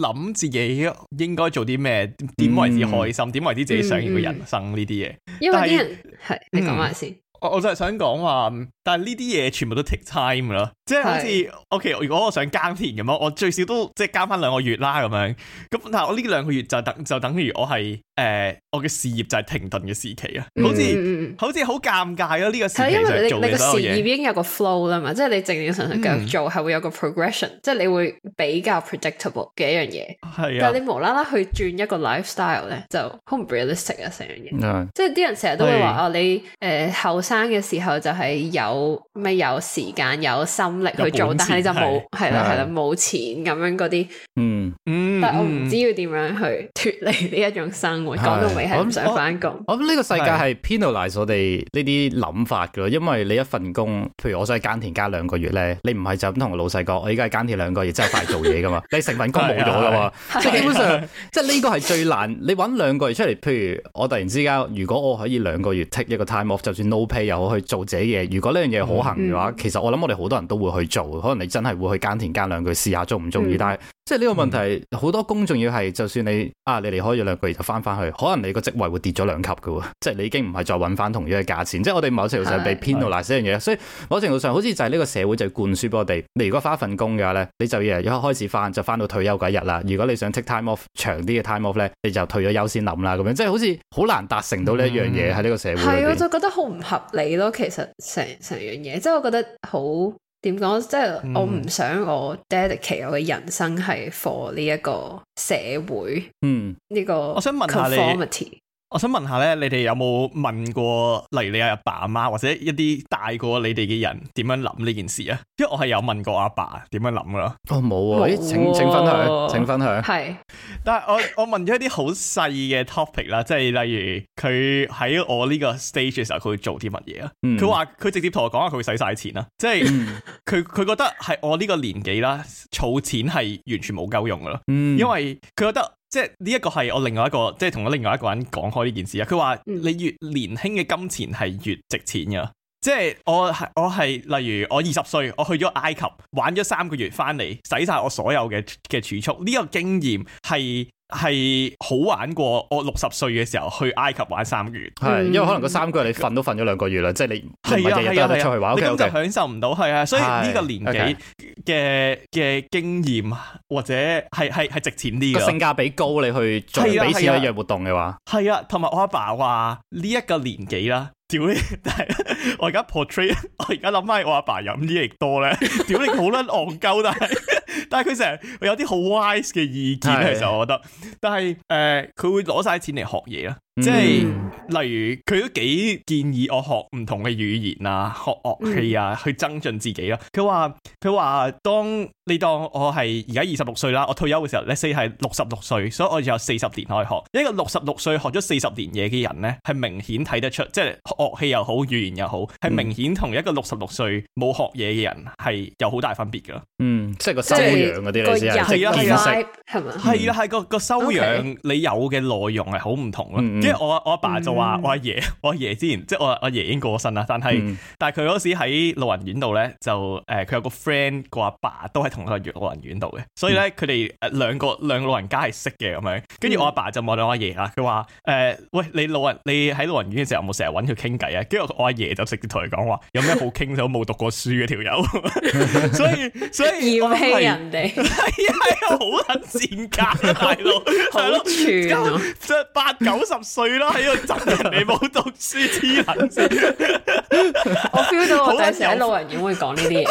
諗自己應該做啲咩？點為之開心？點、嗯、為之自己想要嘅人生呢啲嘢？因為係、嗯、你講埋先。我我就係想講話，但係呢啲嘢全部都 take time 咯，即係好似，OK，如果我想耕田咁樣，我最少都即係耕翻兩個月啦咁樣。咁但係，我呢兩個月就等就等於我係誒我嘅事業就係停頓嘅時期啊，好似好似好尷尬咯，呢個事情就係因為你你嘅事業已經有個 flow 啦嘛，即係你正正常常繼續做係會有個 progression，即係你會比較 predictable 嘅一樣嘢。係啊，但係你無啦啦去轉一個 lifestyle 咧，就好唔 realistic 啊成樣嘢。即係啲人成日都會話啊你誒後。生嘅時候就係有咩有時間有心力去做，但係就冇係啦係啦冇錢咁樣嗰啲，嗯嗯，但我唔知要點樣去脫離呢一種生活。講到尾係唔想返工。我諗呢個世界係 penalize 我哋呢啲諗法噶，因為你一份工，譬如我想去耕田加兩個月咧，你唔係就咁同個老細講，我而家係耕田兩個月，即係快做嘢噶嘛，你成份工冇咗噶嘛，即基本上，即係呢個係最難。你搵兩個月出嚟，譬如我突然之間，如果我可以兩個月 take 一個 time off，就算 no pay。又去做自己嘢，如果呢樣嘢可行嘅話，嗯、其實我諗我哋好多人都會去做。可能你真係會去耕田耕兩句試下中唔中意，嗯、但係即係呢個問題好，嗯、多工仲要係，就算你啊你離開咗兩個月就翻翻去，可能你個職位會跌咗兩級嘅喎，即係你已經唔係再揾翻同樣嘅價錢。即係我哋某程度上被編到喇呢樣嘢，所以某程度上好似就係呢個社會就灌輸俾我哋：你如果返一份工嘅話咧，你就要一開始翻就翻到退休嗰一日啦。如果你想 take time off 長啲嘅 time off 咧，你就退咗休先諗啦。咁樣即係好似好難達成到呢一樣嘢喺呢個社會。係，我就覺得好唔合。你咯，其實成成樣嘢，即係我覺得好點講，即係我唔想我 dedicate 我嘅人生係 for 呢一個社會，嗯、呢個 conformity。我想問下咧，你哋有冇問過，例如你阿爸阿媽或者一啲大過你哋嘅人點樣諗呢件事啊？因為我係有問過阿爸點樣諗噶咯。哦，冇喎、哦。咦、欸？請請分享，請分享。係是。但係我我問咗一啲好細嘅 topic 啦，即係例如佢喺我呢個 stage 嘅時候，佢會做啲乜嘢啊？佢話佢直接同我講啊，佢會使晒錢啦。即係佢佢覺得係我呢個年紀啦，儲錢係完全冇夠用噶咯。嗯、因為佢覺得。即係呢一個係我另外一個，即係同我另外一個人講開呢件事。佢話你越年輕嘅金錢係越值錢㗎。即係我係我係，例如我二十歲，我去咗埃及玩咗三個月，翻嚟，使晒我所有嘅嘅儲蓄。呢個經驗係係好玩過我六十歲嘅時候去埃及玩三個月。係，因為可能個三個月你瞓都瞓咗兩個月啦，嗯、即係你係啊係啊係出去玩咁 Okay, okay, 就享受唔到係啊。所以呢個年紀嘅嘅經驗或者係係係值錢啲嘅，性價比高，你去做比試一樣活動嘅話係啊，同埋我阿爸話呢一個年紀啦。屌你！但係 (laughs) 我而家 portray，我而家諗返我阿爸飲啲嘢多咧，屌你好撚戇鳩，但係。但係佢成日有啲好 wise 嘅意見，是的 其實我覺得。但係誒，佢、呃、會攞晒錢嚟學嘢啦，嗯、即係例如佢都幾建議我學唔同嘅語言啊，學樂器啊，去增進自己咯、啊。佢話佢話，當你當我係而家二十六歲啦，我退休嘅時候，你四 a 係六十六歲，所以我有四十年可以學。一個六十六歲學咗四十年嘢嘅人咧，係明顯睇得出，即係樂器又好，語言又好，係明顯同一個六十六歲冇學嘢嘅人係有好大分別噶。嗯，即係個收養嗰啲你先係識，係嘛？係啊係個個收養你有嘅內容係好唔同咯。跟住我我阿爸就話我阿爺，我阿爺之前即係我阿爺已經過身啦，但係但係佢嗰時喺老人院度咧就誒佢有個 friend 個阿爸都喺同一個老人院度嘅，所以咧佢哋誒兩個兩個老人家係識嘅咁樣。跟住我阿爸就望到我阿爺啦，佢話誒喂，你老人你喺老人院嘅時候有冇成日揾佢傾偈啊？跟住我阿爺就直接同佢講話有咩好傾？就冇讀過書嘅條友，所以所以人哋係啊，好捻賤格啊，大佬， (laughs) 好即哥団啊，八九十歲啦，喺度執人哋冇 (laughs) 讀書痴人志。 (laughs) 我 feel 到我第時喺老人院會講呢啲嘢，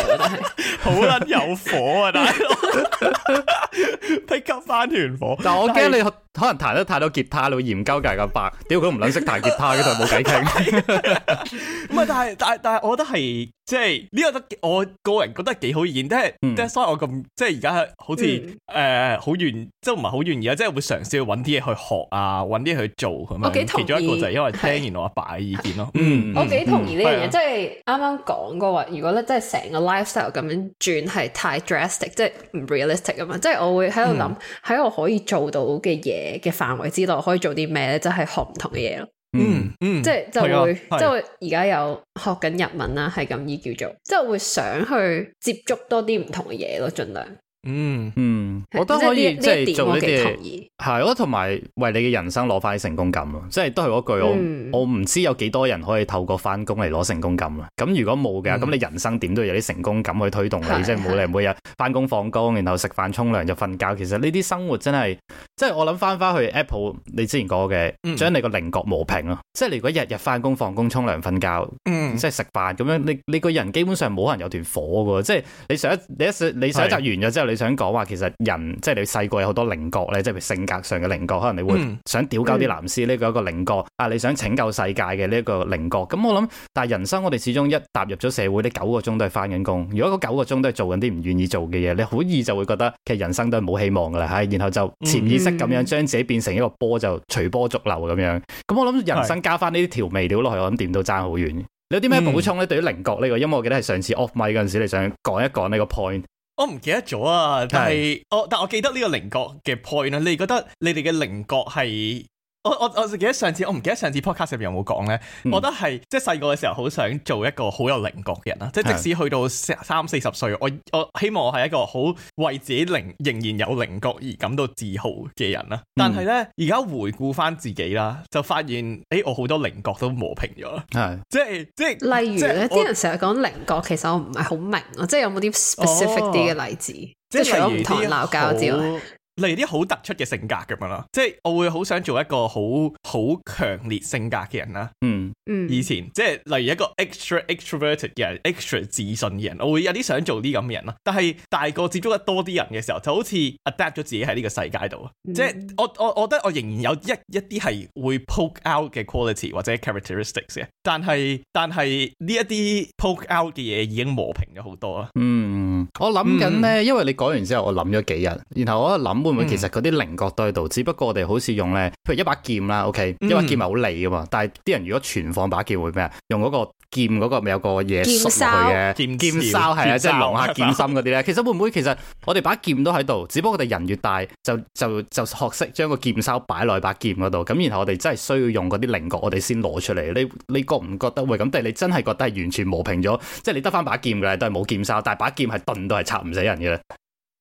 我覺得係好捻有火啊，大佬，pick up 翻團火。但係我驚你可能彈得太多吉他，你會研究夾個白。屌佢唔捻識彈吉他，佢就冇偈傾。唔係， (laughs) 但係但係但係，我覺得係。即係呢個得我個人覺得幾好意見，但係 that's why 我咁即係而家好似誒好願，即係唔係好願意啊，即係會嘗試去揾啲嘢去學啊，揾啲嘢去做咁啊。我幾同意。其中一個就係因為聽完我阿爸嘅意見咯。嗯，我幾同意呢樣嘢，即係啱啱講過話，如果咧即係成個 lifestyle 咁樣轉係太 drastic，即係唔 realistic 啊嘛。即係我會喺度諗，喺我可以做到嘅嘢嘅範圍之內，可以做啲咩咧？就係學唔同嘅嘢咯。嗯嗯， (noise) 即係就會，即係而家有學緊日文啦，係咁意叫做，即係會想去接觸多啲唔同嘅嘢咯，盡量。嗯嗯，我都可以即係做呢啲，係我同埋為你嘅人生攞翻啲成功感咯，即係都係嗰句、嗯、我唔知有幾多人可以透過翻工嚟攞成功感啦。咁如果冇嘅，咁、嗯、你人生點都要有啲成功感去推動你，是即係冇你每日翻工放工，然後食飯沖涼就瞓覺。其實呢啲生活真係，即係我諗翻翻去 Apple，你之前講嘅將你個稜角磨平咯。嗯、即係如果日日翻工放工沖涼瞓覺，嗯、即係食飯咁樣你，你你個人基本上冇可能有團火噶，即係你上一你上一，你上一，你，上一你上一集完咗之後。你想講話，其實人即係你細個有好多棱角咧，即係性格上嘅棱角，可能你會想屌鳩啲藍絲呢個一個棱角、嗯嗯、啊！你想拯救世界嘅呢一個棱角，咁我諗，但係人生我哋始終一踏入咗社會，啲九個鐘都係翻緊工。如果九個鐘都係做緊啲唔願意做嘅嘢，你好易就會覺得其實人生都係冇希望噶啦，然後就潛意識咁樣將自己變成一個波，就隨波逐流咁樣。咁我諗人生加翻呢啲調味料落去，的我諗點都爭好遠。你有啲咩補充咧？對於棱角呢個，因為我記得係上次 off mic 嗰陣時，你想講一講呢個 point。我唔記得咗啊，但係我是的、哦、但我記得呢個稜角嘅 point 啊，你哋覺得你哋嘅稜角係？我我我就記得上次我唔記得上次 podcast 入邊有冇講咧，嗯、我覺得係即係，細個嘅時候好想做一個好有稜角嘅人啦，即係即使去到三四十歲，我我希望我係一個好為自己靈仍然有稜角而感到自豪嘅人啦。但係咧，而家回顧翻自己啦，就發現誒、欸、我好多稜角都磨平咗，係是的 即係即係例如咧，啲人成日講稜角，其實我唔係好明，即係有冇啲 specific 啲嘅例子，哦、即係除咗唔同鬧交之外。例如啲好突出嘅性格咁樣咯，即係我會好想做一個好好強烈性格嘅人啦、啊。嗯嗯，以前即係例如一個 extra extroverted 嘅人，extra 自信嘅人，我會有啲想做啲咁嘅人咯、啊。但係大個接觸得多啲人嘅時候，就好似 adapt 咗自己喺呢個世界度。嗯、即係我我我覺得我仍然有一一啲係會 poke out 嘅 quality 或者 characteristics 嘅，但係但係呢一啲 poke out 嘅嘢已經磨平咗好多啦、啊。嗯。我諗緊咧，因為你講完之後，我諗咗幾日，然後我諗會唔會其實嗰啲稜角都喺度，只不過我哋好似用咧，譬如，一把劍啦，OK，因為劍係好利噶嘛，但係啲人如果存放把劍會咩啊？用嗰個劍嗰個咪有個嘢縮落去嘅劍鞘，劍鞘係啊，即係狼下劍心嗰啲咧。其實會唔會其實我哋把劍都喺度，只不過我哋人越大就就就學識將個劍鞘擺落去把劍嗰度，咁然後我哋真係需要用嗰啲稜角，我哋先攞出嚟。你你覺唔覺得會咁？但係你真係覺得係完全磨平咗，即係你得翻把劍噶，都係冇劍鞘，但係把劍係。棍都係插唔死人嘅，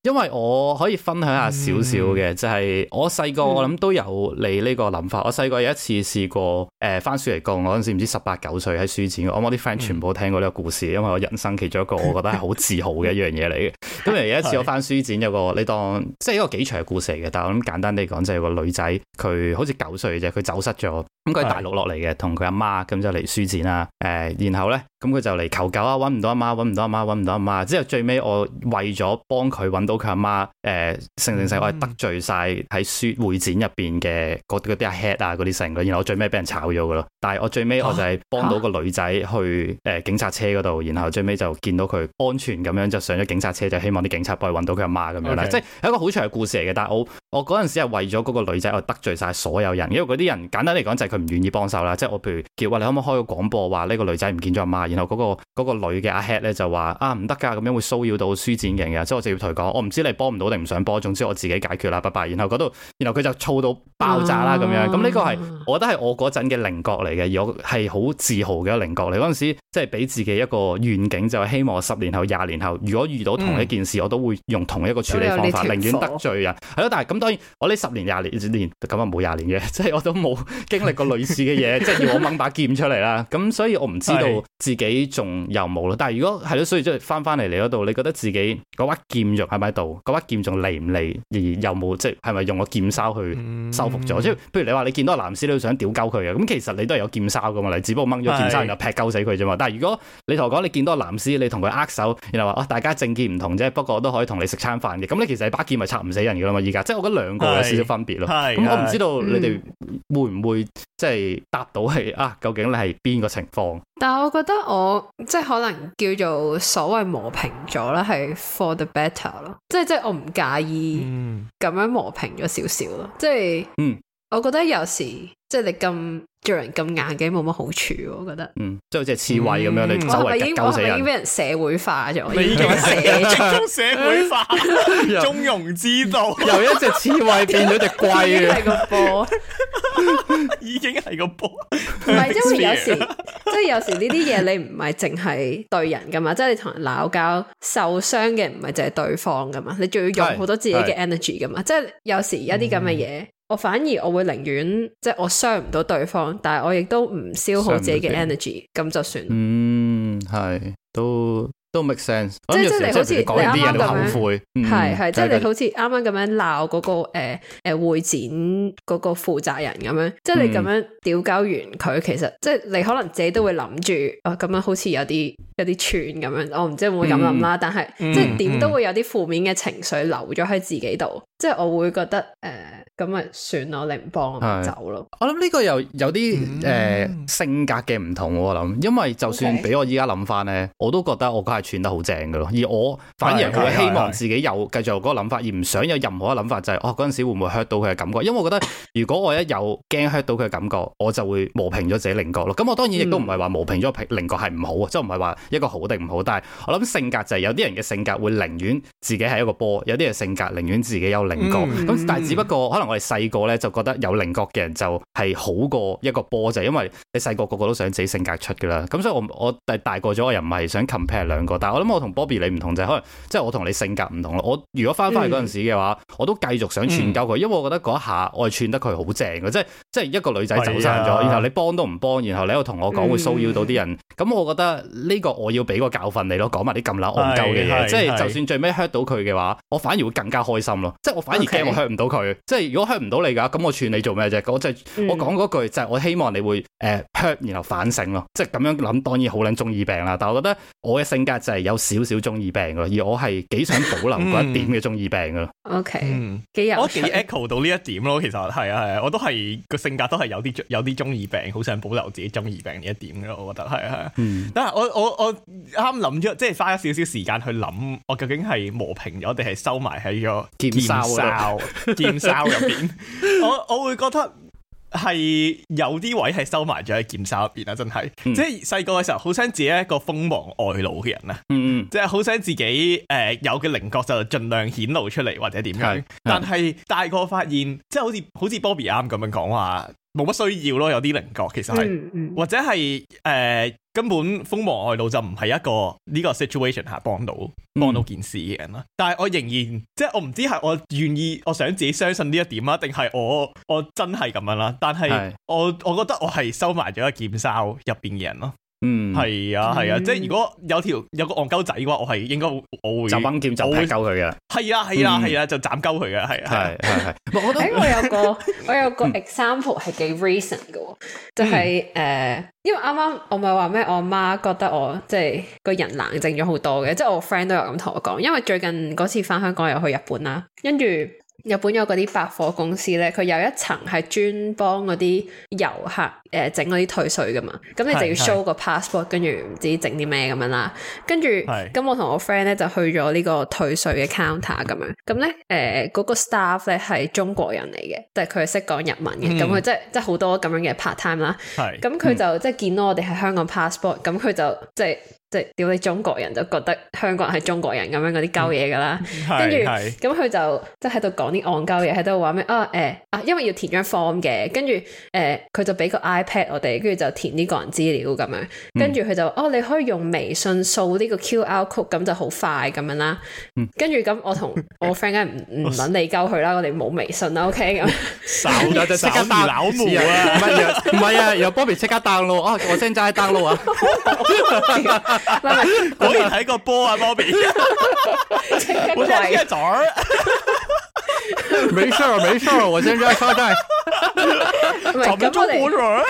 因為我可以分享下少少嘅。嗯、就係我細個我諗都有你呢個諗法。嗯、我細個有一次試過誒、呃、翻書嚟講，我嗰陣時唔知十八九歲，喺書展，我我啲 friend 全部聽過呢個故事。嗯、因為我人生其中一個我覺得係好自豪嘅一樣嘢嚟嘅。咁啊 (laughs) 有一次我翻書展有個，你當即係一個幾長嘅故事嚟嘅，但係我諗簡單啲講就係個女仔佢好似九歲嘅啫，佢走失咗。咁佢係大陸落嚟嘅，同佢阿媽咁就嚟書展啊，誒、呃，然後咧，咁佢就嚟求救啊，搵唔到阿媽，搵唔到阿媽，搵唔到阿媽，之後最尾我為咗幫佢搵到佢阿媽，誒、呃，成成世我係得罪晒喺書會展入邊嘅嗰啲阿 head 啊，嗰啲成，然後我最尾俾人炒咗噶咯，但係我最尾我就係幫到個女仔去誒警察車嗰度，然後最尾就見到佢安全咁樣就上咗警察車，就希望啲警察幫佢搵到佢阿媽咁樣啦，Okay. 即係一個好長嘅故事嚟嘅，但係我我嗰陣時係為咗嗰個女仔，我得罪晒所有人，因為嗰啲人簡單嚟講就係佢唔願意幫手啦，即係我譬如叫話你可唔可以開個廣播話呢個女仔唔見咗阿媽，然後嗰、那個那個女嘅阿 head 咧就話啊唔得㗎，咁樣會騷擾到舒展型嘅，即係我直接同佢講，我唔知你幫唔到定唔想幫，總之我自己解決啦，拜拜。然後嗰度，然後佢就燥到爆炸啦咁樣，咁、嗯、呢、嗯這個係我覺得係我嗰陣嘅稜角嚟嘅，而我係好自豪嘅稜角嚟。嗰陣時即係俾自己一個願景，就是、希望我十年後、廿年後，如果遇到同一件事，嗯、我都會用同一個處理方法，寧願得罪人，係、嗯、咯、嗯。但係咁當然，我呢、嗯嗯嗯、十年、廿年年咁啊冇廿年嘅，即係我都冇經歷。個 (laughs) 類似嘅嘢， (laughs) 即係要我掹把劍出嚟啦。咁 (laughs) 所以我唔知道自己仲有冇咯。 (laughs) 但係如果係咯，所以即係翻翻嚟嚟嗰度，你覺得自己嗰把劍肉喺咪喺度？嗰把劍仲嚟唔嚟？而又冇即係係咪用個劍鞘去收復咗？即係、嗯、譬如你話你見到個藍絲都想屌鳩佢嘅，咁其實你都係有劍鞘噶嘛，你只不過掹咗劍鞘然後劈鳩死佢啫嘛。的但係如果你同我講你見到個藍絲，你同佢握手，然後話哦大家政見唔同啫，不過都可以同你食餐飯嘅。咁你其實把劍咪插唔死人噶啦嘛。而家即係我覺得兩個有少少分別咯。咁的的我唔知道你哋會唔會？即係答到係啊，究竟你係邊個情況？但係我覺得我即係可能叫做所謂磨平咗啦，係 for the better 咯。即係即係我唔介意咁樣磨平咗少少咯。即係，我覺得有時。即係你咁做人咁硬頸冇乜好處，我覺得。嗯，即係好似刺蝟咁樣，嗯、你周圍咬死人。我係已經俾人社會化咗。你已經社中社會化，中庸之道。由一隻刺蝟變咗隻龜啊！ (laughs) 已經係個波， (laughs) (laughs) 已經係個波。唔 (laughs) 係因為有時，即係有時呢啲嘢，你唔係淨係對人噶嘛，即係你同人鬧交受傷嘅唔係淨係對方噶嘛，你仲要用好多自己嘅 energy 噶嘛，即係 (laughs) 有時有啲咁嘅嘢。嗯我反而我會寧願即，我傷唔到對方，但係我亦都唔消耗自己嘅 energy，咁就算了。嗯，係都。都 make sense，即係即係你好似你啱啱咁後悔，係係即係你好似啱啱咁樣鬧嗰個誒誒會展嗰個負責人咁樣，即係你咁樣屌交完佢，其實即係你可能自己都會諗住啊，咁樣好似有啲有啲串咁樣，我唔知會唔會咁諗啦，但係即係點都會有啲負面嘅情緒留咗喺自己度，即係我會覺得誒咁啊，算啦，你唔幫我咪走咯。我諗呢個又有啲誒性格嘅唔同我諗，因為就算俾我依家諗翻咧，我都覺得我串得好正㗎咯，而我反而會希望自己有繼續嗰個諗法，是是是是而唔想有任何嘅諗法、就是，就係是哦嗰陣時會唔會 hurt 到佢嘅感覺？因為我覺得如果我一有驚 hurt 到佢嘅感覺，我就會磨平咗自己棱角咯。咁我當然亦都唔係話磨平咗個棱角係唔好，即係唔係話一個好定唔好？但係我諗性格就係有啲人嘅性格會寧願自己係一個波，有啲嘅性格寧願自己有棱角。咁、嗯、但係只不過可能我哋細個咧就覺得有棱角嘅人就係好過一個波，就係因為你細個個個都想自己性格出㗎啦。咁所以我我大大個咗，我又唔係想 compare 兩。但係我諗我 Bob 同 Bobby 你唔同就係、是、可能即係我同你性格唔同咯。我如果翻翻去嗰陣時嘅話，嗯、我都繼續想勸鳩佢，嗯、因為我覺得嗰一下我勸得佢好正嘅，即係即係一個女仔走散咗，啊，然後你幫都唔幫，然後你喺度同我講會騷擾到啲人，咁、嗯、我覺得呢個我要俾個教訓你咯，講埋啲咁我唔戇嘅嘢，即係就算最尾 hurt 到佢嘅話，我反而會更加開心咯。即係我反而驚我 hurt 唔到佢。Okay. 即係如果 hurt 唔到你嘅話，咁我勸你做咩啫？我就是嗯、我講嗰句就係、是、我希望你會誒 hurt、呃、然後反省咯。即係咁樣諗當然好捻中二病啦。但係我覺得我嘅性格。就係有少少中二病噶，而我係幾想保留嗰一點嘅中二病噶。O K，幾有我幾 echo 到呢一點咯。其實係啊係啊，我都係個性格都係有啲有啲中二病，好想，想保留自己中二病呢一點噶、嗯。我覺得係啊，嗯，但係我我我啱諗咗，即係花少少時間去諗，我究竟係磨平咗，定係收埋喺個劍鞘劍鞘入邊？我我會覺得。係有啲位係收埋咗喺劍山入邊啦，真係。嗯、即係細個嘅時候，好想自己一個鋒芒外露嘅人啦。嗯，嗯，即係好想自己誒、呃、有嘅稜角就盡量顯露出嚟或者點樣。嗯、但係大個發現，即係好似好似 Bobby 啱咁樣講話。冇乜需要咯，有啲稜角其實係，嗯嗯、或者係誒、呃、根本鋒芒外露就唔係一個呢個 situation 下幫到幫、嗯、到件事嘅人啦。但係我仍然即係我唔知係我願意我想自己相信呢一點啊，定係我我真係咁樣啦。但係我是我，我覺得我係收埋咗個劍鞘入邊嘅人咯。嗯，係啊，係啊，即係如果有條有個戇鳩仔嘅話，我係應該會我會執棍劍就劈鳩佢嘅，係啊，係啊，係啊，就斬鳩佢嘅，係係係。誒，我都有個我有個 example 係幾 recent 嘅，就係誒，因為啱啱我咪話咩，我媽覺得我即係個人冷靜咗好多嘅，即係我 friend 都有咁同我講，因為最近嗰次返香港又去日本啦，跟住日本有嗰啲百貨公司咧，佢有一層係專幫嗰啲遊客。誒整嗰啲退稅噶嘛，咁你就要 show 個 passport，跟住唔知整啲咩咁樣啦。跟住咁我同我 friend 咧就去咗呢個退稅嘅 counter 咁樣，咁咧誒嗰個 staff 咧係中國人嚟嘅，即係佢係識講日文嘅，咁佢即係即係好多咁樣嘅 part time 啦。係，咁佢就即係見到我哋係香港 passport，咁佢就即係即係屌你中國人就覺得香港人係中國人咁樣嗰啲鳩嘢噶啦。跟住咁佢就即係喺度講啲戇鳩嘢，喺度話咩啊誒啊，因為要填張 form 嘅，跟住誒佢就俾個 iPad 我哋，跟住就填啲個人資料咁樣，跟住佢就哦，你可以用微信掃呢個 QR code，咁就好快咁樣啦。跟住咁，我同我 friend 咧唔唔搵你交佢啦，我哋冇微信啦，OK 咁。掃就即刻 download 啊，乜嘢唔係啊？有 Bobby 即刻 download 啊，我先齋 download 啊。我 (laughs) 睇 (laughs) 個波啊，Bobby， (laughs) 即打 (laughs) 刻嚟一左。沒事兒，沒事兒，我先齋下載。 (laughs)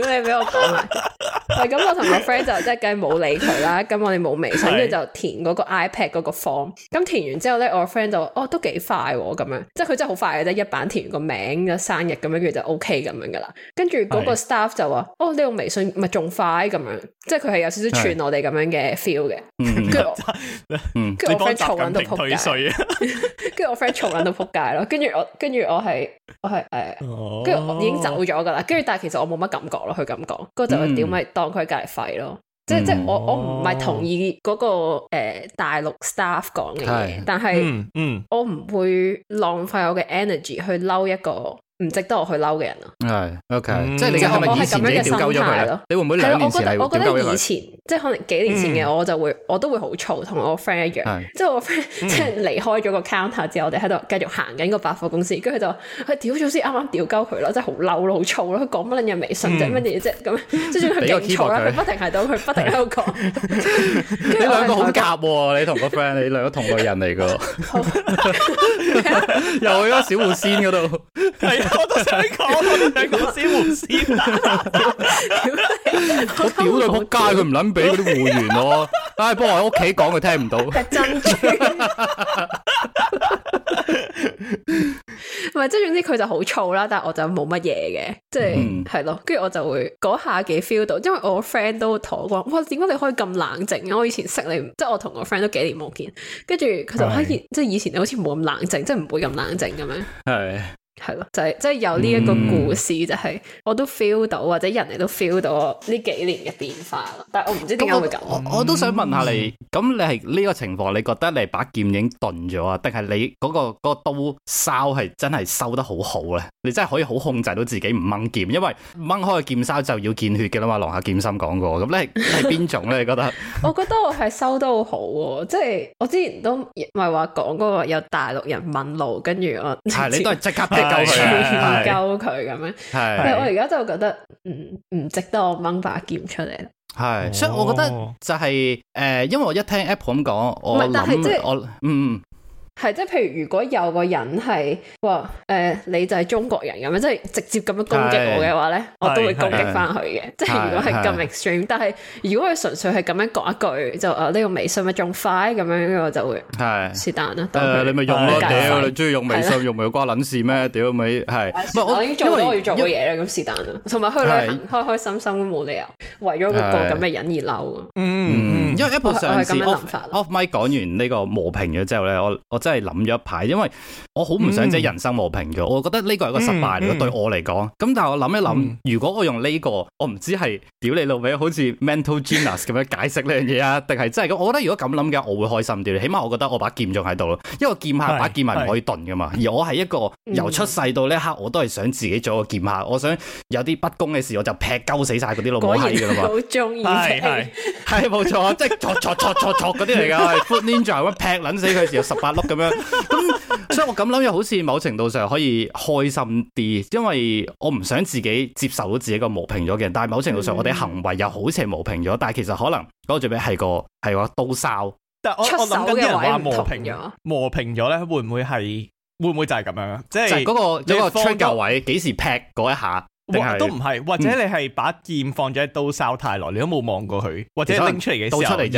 你俾 (laughs) (laughs) (laughs) 我講埋！咁我同我 friend 就即係梗係冇理佢啦。咁我哋冇微信，跟住是就填嗰個 iPad 嗰個 form 是。咁填完之後咧，我 friend 就哦都幾快咁、哦、樣，即係佢真係好快嘅啫，一版填個名、嘅生日咁樣，跟住就 O K 咁樣噶啦。跟住嗰個 staff 就話哦，你用微信咪仲快咁樣，即係佢係有少少串我哋咁樣嘅 feel 嘅。跟住是、 (laughs) 嗯、我，跟住、嗯、我 friend 嘈緊度扑街，跟住我 friend 嘈緊度扑街咯。跟 (laughs) 住我，我，跟住我係我係誒，跟、嗯、住我已經走咗噶啦。跟住但係其實我冇乜感覺。去咁講，嗰個就會點，咪當佢隔籬吠咯。嗯、即係即係我我唔係同意嗰、嗰個誒、呃、大陸 staff 講嘅嘢，嗯、但係嗯我唔會浪費我嘅 energy 去嬲一個唔值得我去嬲嘅人啊！係，OK、嗯、即係你可能以前自己屌鳩咗咪咯？你會唔會兩年前，嗯、我覺得以前即係可能幾年前嘅，我就會我都會好嘈，同我個 friend 一樣。嗯、即係我 friend 即係離開咗個 counter 之後，我哋喺度繼續行緊個百貨公司，跟住佢就佢屌咗先，啱啱屌鳩佢咯，即係好嬲咯，好嘈咯，佢講乜嘢微信即係，乜嘢啫咁，即係仲係嘈啦，不停喺度佢不停喺度講。的 (laughs) 你兩個好夾喎！你同個 friend，你兩個同個人嚟噶， (laughs) 又去咗小狐仙嗰度。 (laughs) 我都想講，我連講小門市都，私私 (laughs) (laughs) 怎麼 (laughs) 我屌到仆街，佢唔捻俾嗰啲會員喎、哎。但係不過我喺屋企講，佢聽唔到。係珍珠，係即係總之佢就好燥啦。但係我就冇乜嘢嘅，即係係咯。跟住、mm. 我就會嗰下幾 feel 到，因為我 friend 都同我講，哇，點解你可以咁冷靜？我以前識你，即、就、係、是、我同我 friend 都幾年冇見，跟住佢就可以，即係的以前你好似冇咁冷靜，即係唔會咁冷靜咁樣。係的。 (laughs) 係咯，就係即係有呢一個故事，就是，就係、嗯、我都 feel 到，或者人哋都 feel 到呢幾年嘅變化啦。但係我唔知點解會咁。我都想問下你，咁你係呢個情況，你覺得你把劍已經鈍咗啊，定係你嗰、那個、那個刀鞘係真係收得好好咧？你真係可以好控制到自己唔掹劍，因為掹開劍鞘就要見血嘅啦嘛。狼下劍心講過，咁你係係邊種咧？你覺得？ (laughs) 我覺得我係收得好好、啊，即、就、係、是、我之前都唔係話講嗰個有大陸人問路，跟住我 (laughs) 你都係即刻、啊。救佢，唔救佢咁樣，但係我而家就覺得，嗯，唔值得我掹把劍出嚟啦。係，所以我覺得就係、是，誒、呃，因為我一聽 Apple 咁講，我諗，是就是、我，嗯。係即係，譬如如果有個人係，哇，誒，你就係中國人咁樣，即係直接咁樣攻擊我嘅話咧，我都會攻擊翻佢嘅。即係如果係咁 extreme，但係如果佢純粹係咁樣講一句，就啊呢個微信咪仲快咁樣，我就會係是但啦。誒，你咪用咯，屌，你中意用微信用咪瓜撚事咩？屌咪？係，我，已經做咗我要做嘅嘢啦，咁是但啦。同埋佢哋開開心心，都冇理由為咗個咁嘅人而嬲。嗯。因為 Apple 上次 Off Mic 講完呢個磨平咗之後咧，我我真係諗咗一排，因為我好唔想即係人生磨平嘅。我覺得呢個係一個失敗嚟嘅，對我嚟講。咁但係我諗一諗，如果我用呢個，我唔知係屌你老味，好似 mental genius 咁樣解釋呢樣嘢啊，定係真係？我覺得如果咁諗嘅，我會開心啲。起碼我覺得我把劍仲喺度咯，因為我劍客把劍咪唔可以鈍噶嘛。而我係一個由出世到呢一刻，我都係想自己做個劍客。我想有啲不公嘅事，我就劈鳩死晒嗰啲老母閪嘅啦嘛。好中意，係係係，冇錯。挫挫挫挫挫嗰啲嚟噶，Foot Ninja 咁劈捻死佢，時有十八碌咁樣，咁所以我咁諗又好似某程度上可以開心啲，因為我唔想自己接受到自己個磨平咗嘅人，但係某程度上我哋行為又好似係磨平咗，但係其實可能嗰個最尾係個係話刀鞘，但我我諗緊啲人話磨平咗，磨平咗咧會唔會係會唔會就係咁樣，即係嗰個嗰、嗰個出舊、嗰個 er、位幾時劈嗰一下？哦、都唔係，或者你係把劍放咗喺刀鞘太耐，嗯、你都冇望過佢，或者拎出嚟嘅時候，刀出嚟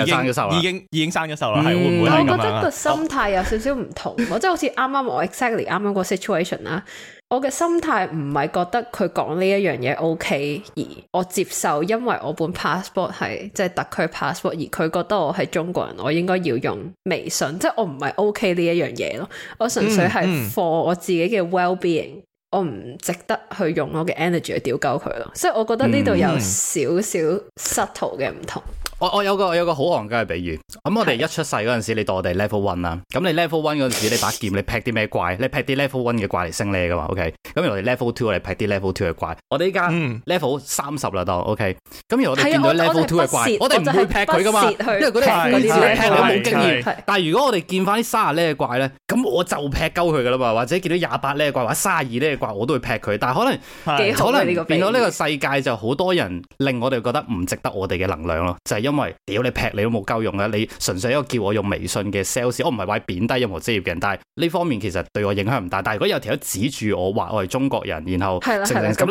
就已經已經生咗銹啦，會唔會係咁啊？我覺得個心態有少少唔同， (laughs) 我即係好似啱啱我 exactly 啱啱個 situation 啦。我嘅心態唔係覺得佢講呢一樣嘢 O K 而我接受，因為我本 passport 係即係、就是、特區 passport，而佢覺得我係中國人，我應該要用微信，即、就、係、是、我唔係 O K 呢一樣嘢咯。我純粹係 for 我自己嘅 well being、嗯。嗯我唔值得去用我嘅 energy 去屌鳩佢咯，所以我覺得呢度有少少 subtle 嘅唔同。嗯我我有個有個好行家嘅比喻，咁我哋一出世嗰陣時，你當我哋 level one 啦，咁你 level one 嗰陣時，你把劍，你劈啲咩怪，你劈啲 level one 嘅怪嚟，升你噶嘛？OK，咁然後我哋 level two，我哋劈啲 level two 嘅怪。我哋依家 level 三十啦都 OK，咁然後我哋見到 level two 嘅怪，我哋唔會劈佢噶嘛，因為嗰啲我哋自己劈佢冇經驗。但係如果我哋見翻啲卅 level 嘅怪咧，咁我就劈鳩佢噶啦嘛，或者見到廿八 level 怪或者卅二 level 怪，我都會劈佢。但係可能可能變到呢個世界就好多人令我哋覺得唔值得我哋嘅能量咯，就係因為屌你劈你都冇夠用嘅，你純粹一個叫我用微信嘅 sales，我唔係話貶低任何職業嘅人，但係呢方面其實對我影響唔大。但係如果有條友指住我話我係中國人，然後咁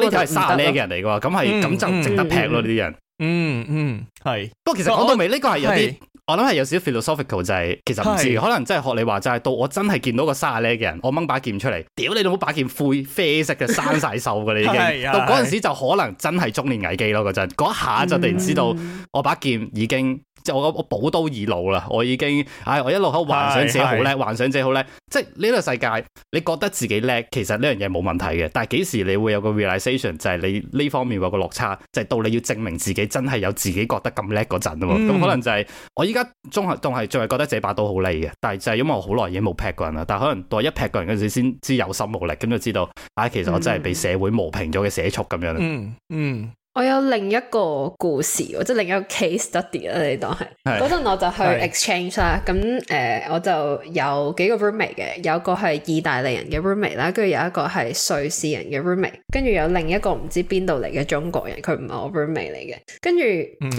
呢條係卅咧嘅人嚟噶嘛，咁係咁就值得劈咯呢啲人。嗯嗯，係、嗯。不過是其實講到尾呢個係有啲，我諗係有少少 philosophical，就係、是、其實唔知，是可能真係學你話齋，到我真係見到個卅零嘅人，我掹把劍出嚟，屌你都冇把劍灰啡色嘅生晒鏽嘅你已經， (laughs) 是是是到嗰陣時就可能真係中年危機咯。嗰陣，嗰一下就突然知道，我把劍已經、嗯。嗯我我寶刀已老啦，我已經，唉、哎，我一路喺幻想自己好叻，是幻想自己好叻是，即係呢個世界，你覺得自己叻，其實呢樣嘢冇問題嘅。但係幾時你會有個 realization，就係你呢方面有個落差，就係、是、到你要證明自己真係有自己覺得咁叻嗰陣。咁可能就係我依家綜合當係仲係覺得自己把刀好利嘅，但係就係因為我好耐已經冇劈過人啦。但係可能到我一劈過人嗰陣時，先知有心無力，咁就知道，唉、哎，其實我真係被社會磨平咗嘅社畜咁樣。嗯嗯。嗯我有另一個故事，即係另一個 case study 啦。你當係嗰陣，是我就去 exchange 啦是。咁誒、呃，我就有幾個 roommate、er、嘅，有一個係意大利人嘅 roommate、er，啦，跟住有一個係瑞士人嘅 roommate，、er，跟住有另一個唔知邊度嚟嘅中國人，佢唔係我 roommate、er、嚟嘅。跟住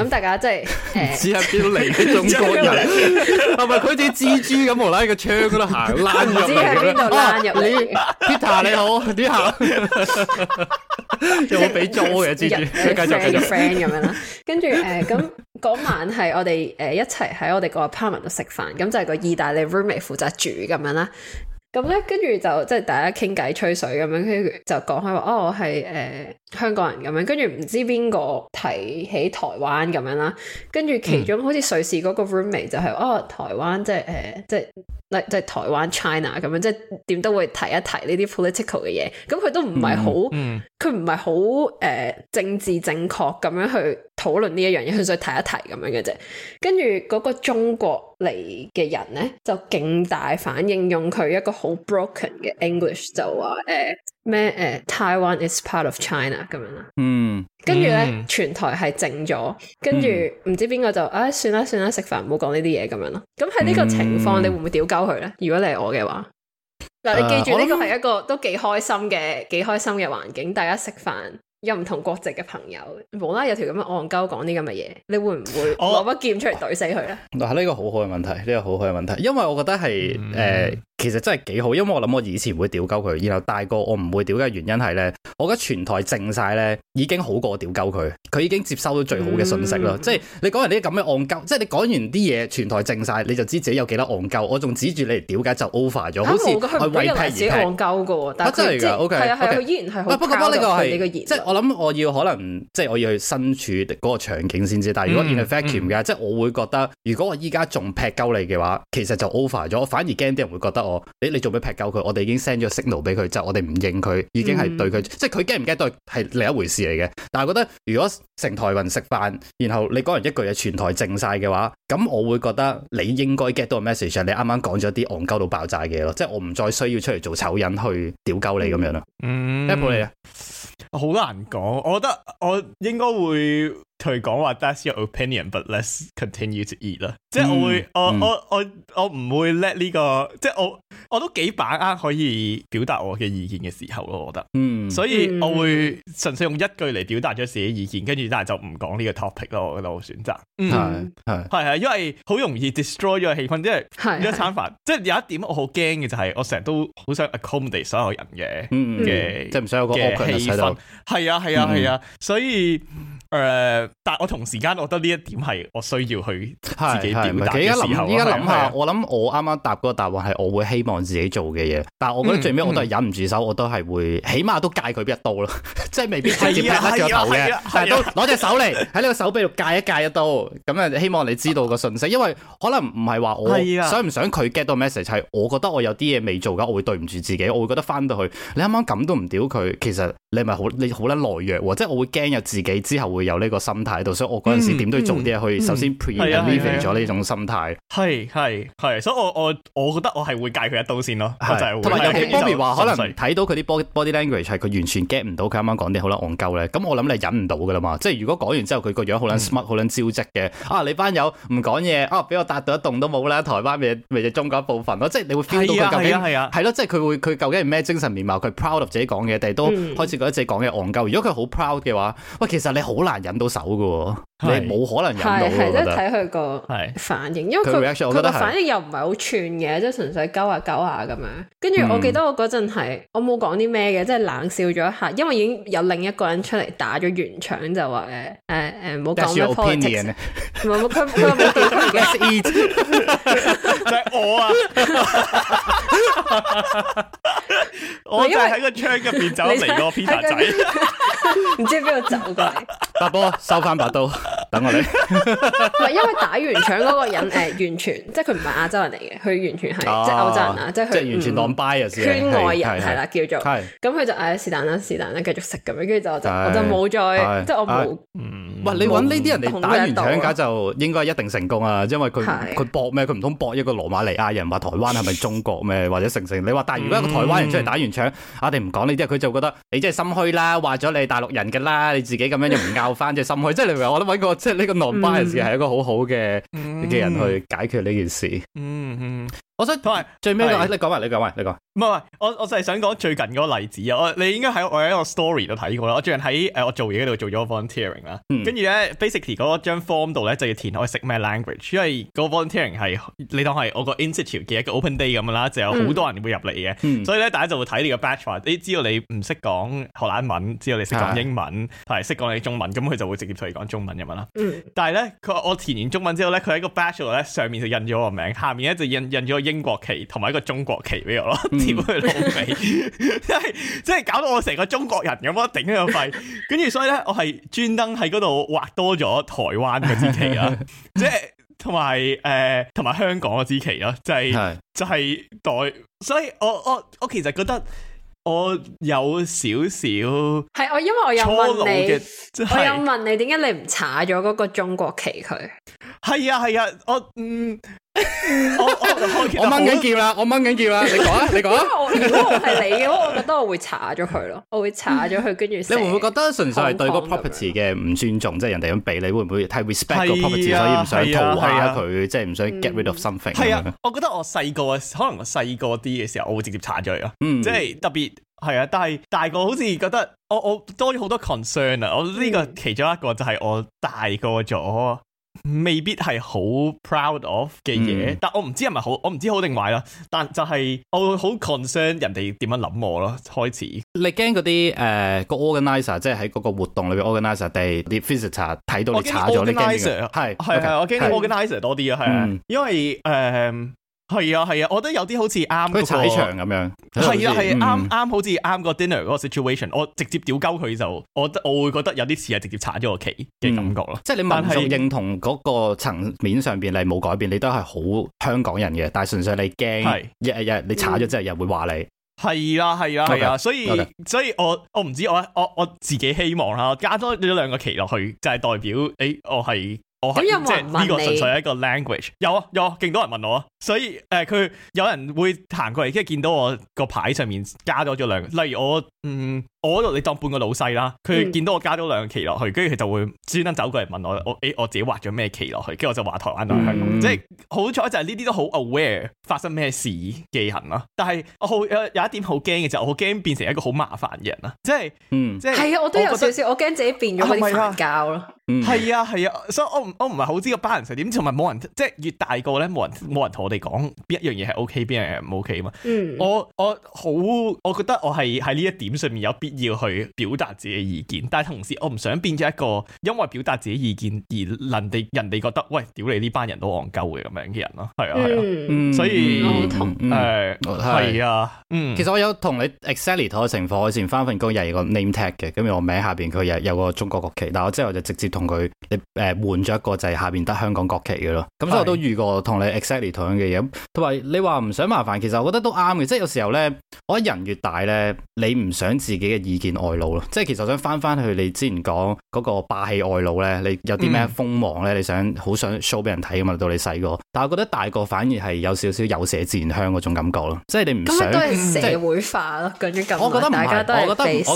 咁大家即係只係邊度嚟嘅中國人？係咪佢似蜘蛛咁無啦啦個窗嗰度行躝入嚟？邊度躝入嚟？Peter 你好，啲客 (laughs) 有冇俾租嘅蜘蛛？繼 (music) 續係、 (laughs) (music) 個 friend 咁樣啦，跟住誒咁嗰晚係我哋誒一齊喺我哋個 apartment 度食飯，咁就係個意大利 roommate 負責煮咁樣啦。咁咧跟住就即係大家傾偈吹水咁樣，跟住就講開話哦，我係誒、呃、香港人咁樣，跟住唔知邊個提起台灣咁樣啦，跟住其中、嗯、好似瑞士嗰個 roommate 就係、是、哦台灣即係誒即係。呃即係灣 China，即係台灣 China 咁樣，即係點都會提一提呢啲 political 嘅嘢，咁佢都唔係好，佢唔係好誒政治正確咁樣去討論呢一樣嘢，佢就提一提咁樣嘅啫。跟住嗰個中國嚟嘅人咧，就勁大反應，用佢一個好 broken 嘅 English 就話誒。欸咩？誒，Taiwan is part of China 咁樣啦。嗯。跟住咧，全台係靜咗。跟住唔知邊個就啊，算啦算啦，食飯唔好講呢啲嘢咁樣咯。咁喺呢個情況，你會唔會屌鳩佢咧？如果你係我嘅話，嗱，你記住呢個係一個都幾開心嘅、幾開心嘅環境，大家食飯又唔同國籍嘅朋友，無啦有條咁嘅戇鳩講啲咁嘅嘢，你會唔會攞把劍出嚟懟死佢咧？嗱，呢個好好嘅問題，呢個好好嘅問題，因為我覺得係誒。其實真係幾好，因為我諗我以前會屌鳩佢，然後大個我唔會屌嘅原因係咧，我覺得全台靜晒咧，已經好過我屌鳩佢，佢已經接收到最好嘅信息啦，嗯。即係你講完啲咁嘅戇鳩，即係你講完啲嘢全台靜晒，你就知自己有幾多戇鳩。我仲指住你嚟屌，梗就 over 咗，好似係委劈而劈。戇鳩噶，真係噶依然係好教佢呢個熱。你即係我諗我要可能即係我要去身處嗰個場景先知。但係如果 in effect 即係我會覺得如果我依家仲劈鳩你嘅話，其實就 over 咗，我反而驚啲人會覺得。你你仲俾劈狗佢？我哋已經 send 咗 signal 俾佢，就是，我哋唔認佢，已經係對佢，嗯、即係佢 get 唔 get 都係另一回事嚟嘅。但係覺得如果成台人食飯，然後你講完一句嘢，全台靜曬嘅話，咁我會覺得你應該 get 到個 message。你啱啱講咗啲戇鳩到爆炸嘅嘢咯，即係我唔再需要出嚟做醜人去屌鳩你咁樣啦。a p、嗯、你啊，好難講。我覺得我應該會。佢講話 That's your opinion, but let's continue to eat 啦。即係我會，我我我我唔會 let 呢個，即係我我都幾把握可以表達我嘅意見嘅時候咯。我覺得，嗯，所以我會純粹用一句嚟表達咗自己意見，跟住但係就唔講呢個 topic 咯。我覺得我選擇，係係係係，因為好容易 destroy 咗個氣氛，因為一餐飯，即係有一點我好驚嘅就係我成日都好想 accommodate 所有人嘅嘅，即係唔想有個氣氛，係啊係啊係啊，所以。誒，但我同時間，我覺得呢一點係我需要去自己點答嘅時候。依家諗下，我諗我啱啱答嗰個答案係我會希望自己做嘅嘢。但係我覺得最尾我都係忍唔住手，我都係會起碼都戒佢一刀咯。即係未必直接劈得着頭嘅，都攞隻手嚟喺你個手臂度戒一戒一刀。咁啊，希望你知道個信息，因為可能唔係話我想唔想佢 get 到 message，係我覺得我有啲嘢未做噶，我會對唔住自己，我會覺得翻到去你啱啱咁都唔屌佢，其實你咪好你好捻懦弱，即係我會驚有自己之後。會有呢個心態喺度，所以我嗰陣時點都要做啲嘢去首先 prepare 咗呢種心態。係係係，所以我我我覺得我係會介佢一刀先咯。同埋尤其 Bobby 話呀可能睇到佢啲 body language 係佢完全 get 唔到佢啱啱講啲好撚戇鳩咧。咁我諗你忍唔到噶啦嘛。即係如果講完之後佢個樣好撚 smart，好撚招積嘅。啊，你班友唔講嘢啊，俾我搭到一棟都冇啦。台灣咪咪就中嗰一部分咯。即係你會 feel 到佢究竟係啊，係啊，咯。即係佢會佢究竟係咩精神面貌？佢 proud 自己講嘢，但係都開始覺得自己講嘢戇鳩。嗯、如果佢好 proud 嘅話，喂，其實你好難忍到手噶。你冇可能有咯，係係即係睇佢個反應，因為佢佢個反應又唔係好串嘅，即係純粹鳩下鳩下咁樣。跟住我記得我嗰陣係我冇講啲咩嘅，即係冷笑咗一下，因為已經有另一個人出嚟打咗圓場，就話誒誒誒唔好講咩。我啊，我你又喺個窗入邊走嚟個披薩仔，唔知邊度走過嚟？阿波收翻把刀。 (laughs) 等我哋 (laughs) (laughs) 因為打完場嗰個人，誒、呃，完全即係佢唔係亞洲人嚟嘅，佢完全係即係歐洲人啊，即係完全當 bias 圈外人係啦，叫做，咁佢就誒是但啦，是但啦，繼續食咁樣，跟住就就我就冇再即係我冇，喂、啊嗯啊，你搵呢啲人嚟打完場，而家就應該一定成功啊，因為佢搏咩？佢唔通搏一個羅馬尼亞人話台灣係咪中國咩？或者成成你話，但係如果一個台灣人出嚟打完場，我哋唔講呢啲，佢就覺得你真係心虛啦，話咗你係大陸人噶啦，你自己咁樣又唔拗翻，即係 (laughs) 心虛，即係你、就是個即係呢個 non-bias 係一個好好嘅嘅人去解決呢件事、嗯。嗯嗯我想同埋最尾啦是，你講埋，你講埋，你講。唔係，我我就係想講最近嗰個例子啊。我你應該喺我喺個 story 度睇過啦。我最近喺誒、呃、我做嘢嗰度做咗個 volunteering 啦、嗯。跟住咧，basically 嗰張 form 度咧就要填我識咩 language。因為個 volunteering 係你當係我個 institute 嘅一個 open day 咁樣啦，就有好多人會入嚟嘅。嗯嗯、所以咧，大家就會睇你個 batch 話，誒，知道你唔識講荷蘭文，知道你識講英文，同埋識講你中文，咁佢就會直接同你講中文咁樣啦。嗯、但係咧，佢話我填完中文之後咧，佢喺個 batch 咧上面就印咗我名，下面咧就印就印咗，英國旗同埋一個中國旗俾我咯，貼佢老味，即係即係搞到我成個中國人咁樣頂個肺，跟住所以咧，我係專登喺嗰度畫多咗台灣嘅支旗啦， (laughs) 即係同埋誒，同埋、呃、香港支旗啦，就係、是、是就係代，所以我我我，我其實覺得我有少少係我、啊、因為我有問你，就是、我有問你點解你唔搽咗嗰個中國旗佢？係啊係啊，我嗯。我我掹緊叫啦，我掹緊叫啦，你講啊，你講啊。如果我係你嘅話，我覺得我會查咗佢咯，我會查咗佢跟住。你會唔會覺得純粹係對個 property 嘅唔尊重？即係人哋咁俾你，會唔會太 respect 個 property，所以唔想逃破壞佢？即係唔想 get rid of something。係啊。我覺得我細個可能我細個啲嘅時候，我會直接查咗佢咯。即係特別係啊，但係大個好似覺得我我多咗好多 concern 啊。我呢個其中一個就係我大個咗。未必係好 proud of 嘅嘢，嗯、但我唔知係咪好，我唔知好定壞啦。但就係我會好 concern 人哋點樣諗我咯。開始你驚嗰啲誒個 organizer 即係喺嗰個活動裏邊 organizer 定啲 visitor 睇到你查咗你，organizer，你呢？係係係，我驚 organizer 多啲啊，係 Okay, 啊，啊啊因為誒。呃係啊係啊，我覺得有啲好似啱個踩場咁樣，係啊係啱啱好似啱個 dinner 嗰個 situation，我直接屌鳩佢就，我我會覺得有啲似係直接踩咗個旗嘅感覺咯。即係你民族認同嗰個層面上邊你冇改變，你都係好香港人嘅，但係純粹你驚，又又你踩咗之後又會話你。係啊係啊係啊，所以所以我我唔知我我我自己希望啦，加多咗兩個旗落去，就係代表誒我係。咁呢個純粹係一個 language，有啊有，啊，勁多人問我啊，所以誒佢，呃、有人會行過嚟，跟住見到我個牌上面加咗咗兩個，例如我嗯，我喺度你當半個老細啦，佢見到我加咗兩旗落去，跟住佢就會專登走過嚟問我，我誒、欸、我自己畫咗咩旗落去，跟住我就話台灣同香港，嗯、即係好彩就係呢啲都好 aware 發生咩事嘅人咯，但係我好有一點好驚嘅就係我好驚變成一個好麻煩嘅人啊。即係嗯即係是係啊，我都有少少，我驚自己變咗啲瞓覺咯。Oh 係 (noise) 啊係啊，所以我唔我唔係好知個班人係點，同埋冇人即係越大個咧，冇人冇人同我哋講邊一樣嘢係 O K，邊樣嘢唔 O K 啊嘛。 (noise) 我我好，我覺得我係喺呢一點上面有必要去表達自己嘅意見，但係同時我唔想變咗一個因為表達自己意見而人哋人哋覺得喂，屌你呢班人都戇鳩嘅咁樣嘅人咯，係啊係啊，啊啊 (noise) 所以誒，係 (noise) 啊,啊,啊，嗯，其實我有同你 e x c e l e r a 嘅情況，我以前翻份工又係個 name tag 嘅，咁我名下邊佢又有個中國國旗，但係我之後就直接同佢你誒換咗一個就係下邊得香港國旗嘅咯，咁所以我都遇過同你 exactly 同樣嘅嘢。同埋你話唔想麻煩，其實我覺得都啱嘅。即係有時候咧，我覺得人越大咧，你唔想自己嘅意見外露咯。即係其實我想翻翻去你之前講嗰個霸氣外露咧，你有啲咩鋒芒咧？你想好想 show 俾人睇啊嘛？到你細個，但係我覺得大個反而係有少少有社自然香嗰種感覺咯。即係你唔想，即係、嗯、社會化咯。我覺得唔係，是啊、我覺得唔係，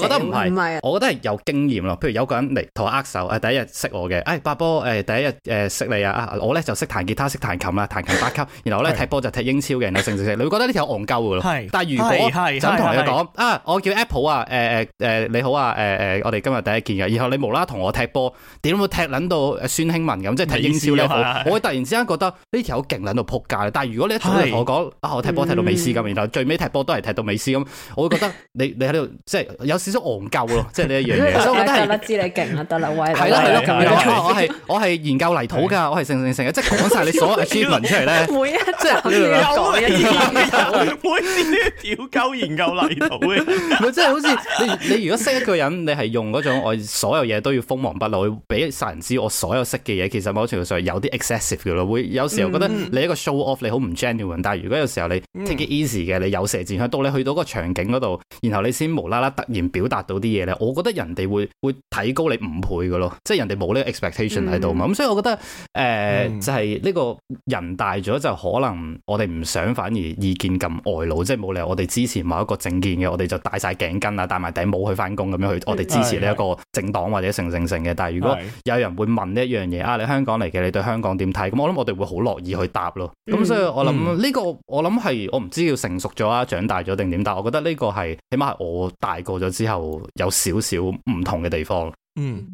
我覺得係有經驗咯。譬如有個人嚟同我握手，第一日。識我嘅，誒，拔波，誒，第一日，誒，識你啊，啊，我咧就識彈吉他，識彈琴啦，彈琴八級，然後我咧踢波就踢英超嘅，然後成你會覺得呢條好戇鳩嘅咯，但係如果真係同你講，啊，我叫 Apple 啊，誒誒誒，你好啊，誒誒，我哋今日第一件嘅，然後你無啦同我踢波，點會踢捻到孫興文咁，即係踢英超咧，我我突然之間覺得呢條好勁捻到撲街，但係如果你真係同我講，啊，我踢波踢到美斯咁，然後最尾踢波都係踢到美斯咁，我會覺得你你喺度即係有少少戇鳩咯，即係呢一樣嘢，所以我都係，得啦，知你勁啦，得啦，威，啦。我係我係研究泥土㗎，我係成成成嘅，即係講晒你所有 achievement 出嚟咧。會啊，即係研究研究研究研究研究泥土嘅， (laughs) 唔係即係好似你你如果識一個人，你係用嗰種我所有嘢都要鋒芒不露，俾晒人知我所有識嘅嘢，其實某程度上有啲 excessive 嘅咯。會有時候覺得你一個 show off，你好唔 genuine。但係如果有時候你 take it easy 嘅，你有射箭，去到你去到個場景嗰度，然後你先無啦啦突然表達到啲嘢咧，我覺得人哋會會提高你五倍嘅咯，即係。人哋冇呢個 expectation 喺度嘛，咁所以我覺得誒、呃，就係、是、呢個人大咗就可能我哋唔想，反而意見咁外露，即係冇理由我哋支持某一個政見嘅，我哋就戴晒頸巾啊，戴埋頂帽去翻工，咁樣去，我哋支持呢一個政黨或者成成成嘅。但係如果有人會問呢一樣嘢啊，你香港嚟嘅，你對香港點睇？咁我諗我哋會好樂意去答咯。咁、嗯、所以我諗呢、嗯、個我諗係我唔知要成熟咗啊，長大咗定點？但係我覺得呢個係起碼係我大個咗之後有少少唔同嘅地方。嗯。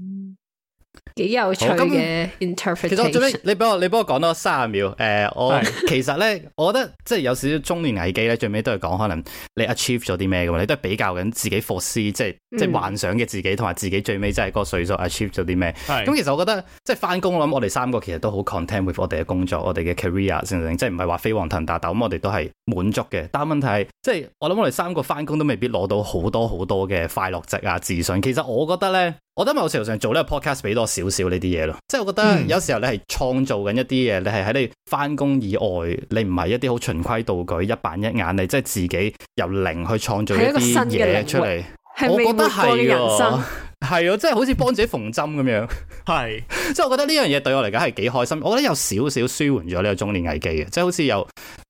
幾有趣嘅 i interpretation 其實我最尾你幫我你幫我講多三十秒。誒、呃，我是其實咧，我覺得即係有少少中年危機咧，最尾都係講可能你 achieve 咗啲咩噶嘛？你都係比較緊自己 fantasy 即係即係幻想嘅自己，同埋自己最尾真係個歲數 achieve 咗啲咩？咁是其實我覺得即係翻工，我諗我哋三個其實都好 content with 我哋嘅工作，我哋嘅 career 成成，即係唔係話飛黃騰達，但咁我哋都係滿足嘅。但係問題係，即係我諗我哋三個翻工都未必攞到好多好多嘅快樂值啊自信。其實我覺得咧。我覺得某程度上做呢個 podcast，俾多少少呢啲嘢咯。即係我覺得有時候你係創造緊一啲嘢，嗯、你係喺你翻工以外，你唔係一啲好循規蹈矩，一板一眼，你即係自己由零去創造一啲嘢出嚟。係一個新嘅人生。係啊，即係好似幫自己縫針咁樣。係，即係我覺得呢樣嘢對我嚟講係幾開心。我覺得有少少舒緩咗呢個中年危機嘅，即係好似又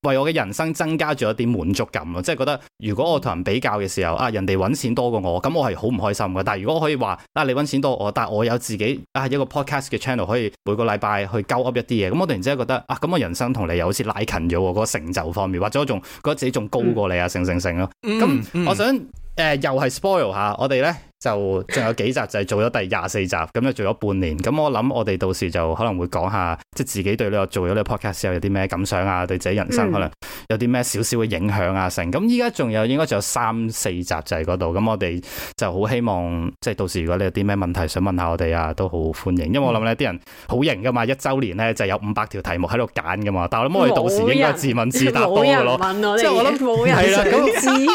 為我嘅人生增加咗一啲滿足感啊。即係覺得如果我同人比較嘅時候，啊，人哋揾錢多過我，咁我係好唔開心嘅。但係如果我可以話，啊，你揾錢多我，但係我有自己啊一個 podcast 嘅 channel，可以每個禮拜去交噏一啲嘢，咁我突然之間覺得啊，咁我人生同你又好似拉近咗，嗰成就方面，或者我仲覺得自己仲高過你啊，成成成咯。咁我想誒，又係 spoil 下我哋呢。就仲有幾集就係、是、做咗第廿四集，咁就做咗半年。咁我諗我哋到時就可能會講下，即係自己對呢個做咗呢個 podcast 之後有啲咩感想啊，嗯、對自己人生可能有啲咩少少嘅影響啊成。咁依家仲有應該仲有三四集就係嗰度。咁我哋就好希望，即係到時如果你有啲咩問題想問下我哋啊，都好歡迎。因為我諗呢啲、嗯、人，人好型噶嘛，一周年呢就有五百條題目喺度揀噶嘛。但係我諗我哋到時應該自問自答，即係我諗冇人想知，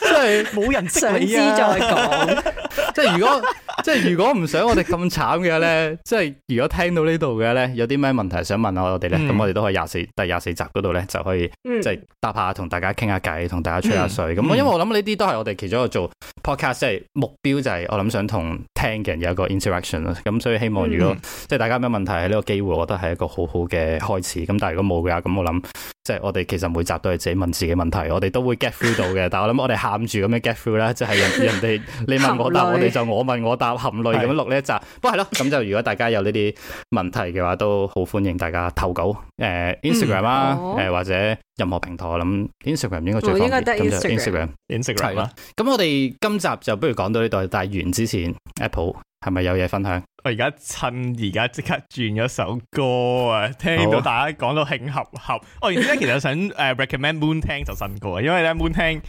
即係冇人、啊、想再講。 (laughs) 即係如果即係如果唔想我哋咁慘嘅咧， (laughs) 即係如果聽到呢度嘅咧，有啲咩問題想問下我哋咧，咁、嗯、我哋都可以廿四第廿四集嗰度咧就可以即係搭下同大家傾下偈，同大家吹下水。咁、嗯嗯、因為我諗呢啲都係我哋其中一個做 podcast 即係目標就係我諗想同聽嘅人有一個 interaction，咁所以希望如果、嗯、即係大家有咩問題喺呢個機會，我覺得係一個好好嘅開始。咁但係如果冇嘅，咁我諗即係我哋其實每集都係自己問自己問題，我哋都會 get through 到嘅。但係我諗我哋喊住咁樣 get through 咧，即係 (laughs) 人哋 (laughs) 我答我哋就我問我答含淚咁樣錄呢一集，是不過係咯，咁就如果大家有呢啲問題嘅話， (laughs) 都好歡迎大家投稿，誒、呃、Instagram 啦、嗯，誒、哦、或者任何平台，我諗 Instagram 應該最方便，咁 Instagram 就 Instagram，Instagram 啦。咁我哋今集就不如講到呢度，但係完之前，Apple 係咪有嘢分享？我而家趁而家即刻轉咗首歌啊，聽到大家講到興合合，我而家其實想誒 recommend Moon Tang 就新歌啊，因為咧 Moon Tang。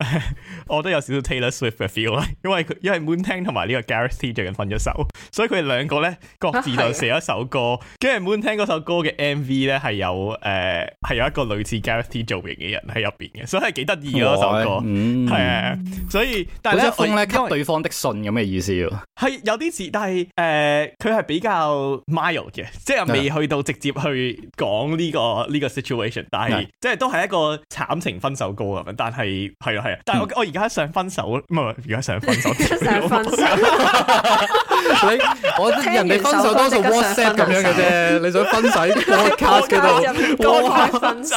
(laughs) 我都有少少 Taylor Swift 嘅 feel，因為佢因為 Moon 聽同埋呢個 Gareth T 最近分咗手，所以佢哋兩個咧各自就寫一首歌。跟住 Moon 聽嗰首歌嘅 MV 咧係有誒、係、呃、有一個類似 Gareth T 造型嘅人喺入邊嘅，所以係幾得意嘅嗰首歌。係啊、哦、嗯，所以但係咧封咧吸對方的信咁嘅意思係有啲似，但係、誒、佢係比較 mild 嘅，嗯、即係未去到直接去講呢、這個呢、這個 situation，但係、嗯嗯、即係都係一個慘情分手歌咁，但係。但係啊係啊，但係我、嗯、我而家想分手，唔係而家想分手，出曬分手。你我人哋分手 born, 多數 WhatsApp 咁樣嘅啫，呃、你想分手，我 cut 嘅，我分手，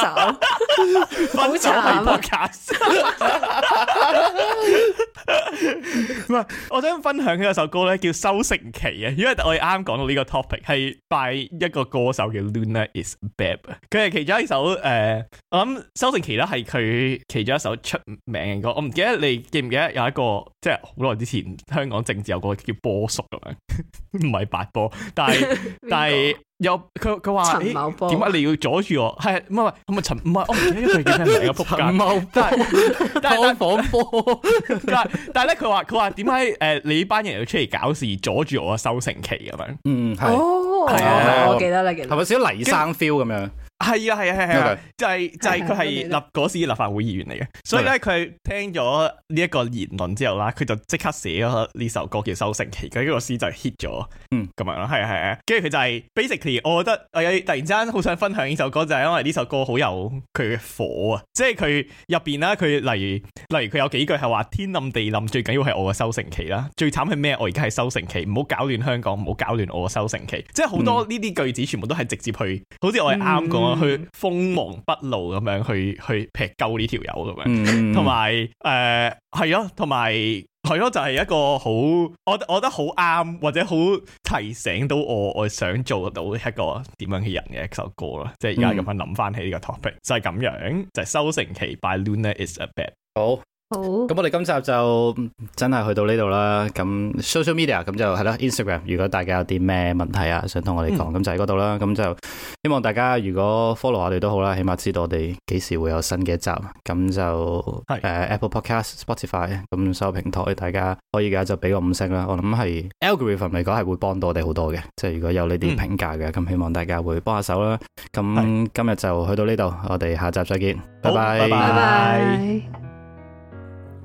(laughs) 分手係 cut。唔係，我想分享佢一首歌咧叫《收成期》啊，因為我哋啱啱講到呢個 topic，係 by 一個歌手叫 Luna Is A Bep 佢係其中一首誒、呃，我諗《收成期》咧係佢其中一首出名嘅歌，我唔記得你記唔記得有一個即係好耐之前香港政治有個叫波叔。唔係八波，但係誰但係有佢佢話，點解、欸、你要阻住我？係唔係唔係陳唔係我唔記得佢叫咩名嘅仆街？陳茂 (laughs) 波，開房但 (laughs) 波， (laughs) 但係但係咧佢話佢話點解誒你班人要出嚟搞事阻住我嘅收成期咁樣，嗯、樣？嗯，係，係啊，我記得啦，記得係咪少少黎生 feel 咁樣？係啊係啊係係啊，就係就係佢係立嗰時立法會議員嚟嘅，所以咧佢聽咗呢一個言論之後啦，佢 Okay. 就即刻寫咗呢首歌叫《收成期》，佢個詩就係 hit 咗，嗯、mm.，咁樣咯，係啊係啊，跟住佢就係、是、basically，我覺得我突然之間好想分享呢首歌，就係、是、因為呢首歌好有佢嘅火啊，即係佢入邊啦，佢例如例如佢有幾句係話天冧地冧，最緊要係我嘅收成期啦，最慘係咩？我而家係收成期，唔好搞亂香港，唔好搞亂我嘅收成期，即係好多呢啲句子全部都係直接去，好似我啱講。Mm. (noise) (noise) 去鋒芒不露咁樣去去劈鳩呢條友咁樣，同埋誒係咯，同埋係咯，就係一個好，我我覺得好啱，或者好提醒到我，我想做到一個點樣嘅人嘅一首歌啦。即係而家咁樣諗翻起呢個 topic， (noise) 就係咁樣，就係、是、收成期，by Luna Is A Bep。好。咁、oh。我哋今集就真係去到呢度啦。咁 social media 咁就係啦，Instagram。如果大家有啲咩問題啊，想同我哋講，咁、嗯、就喺嗰度啦。咁就希望大家如果 follow 我哋都好啦，起碼知道我哋幾時會有新嘅一集。咁就是、uh, Apple Podcast、Spotify 咁所有平台，大家可以噶就俾個五星啦。我諗係 algorithm 嚟講係會幫到我哋好多嘅，即、就、係、是、如果有呢啲評價嘅，咁、嗯、希望大家會幫下手啦。咁是今日就去到呢度，我哋下集再見，拜拜。好拜拜。拜拜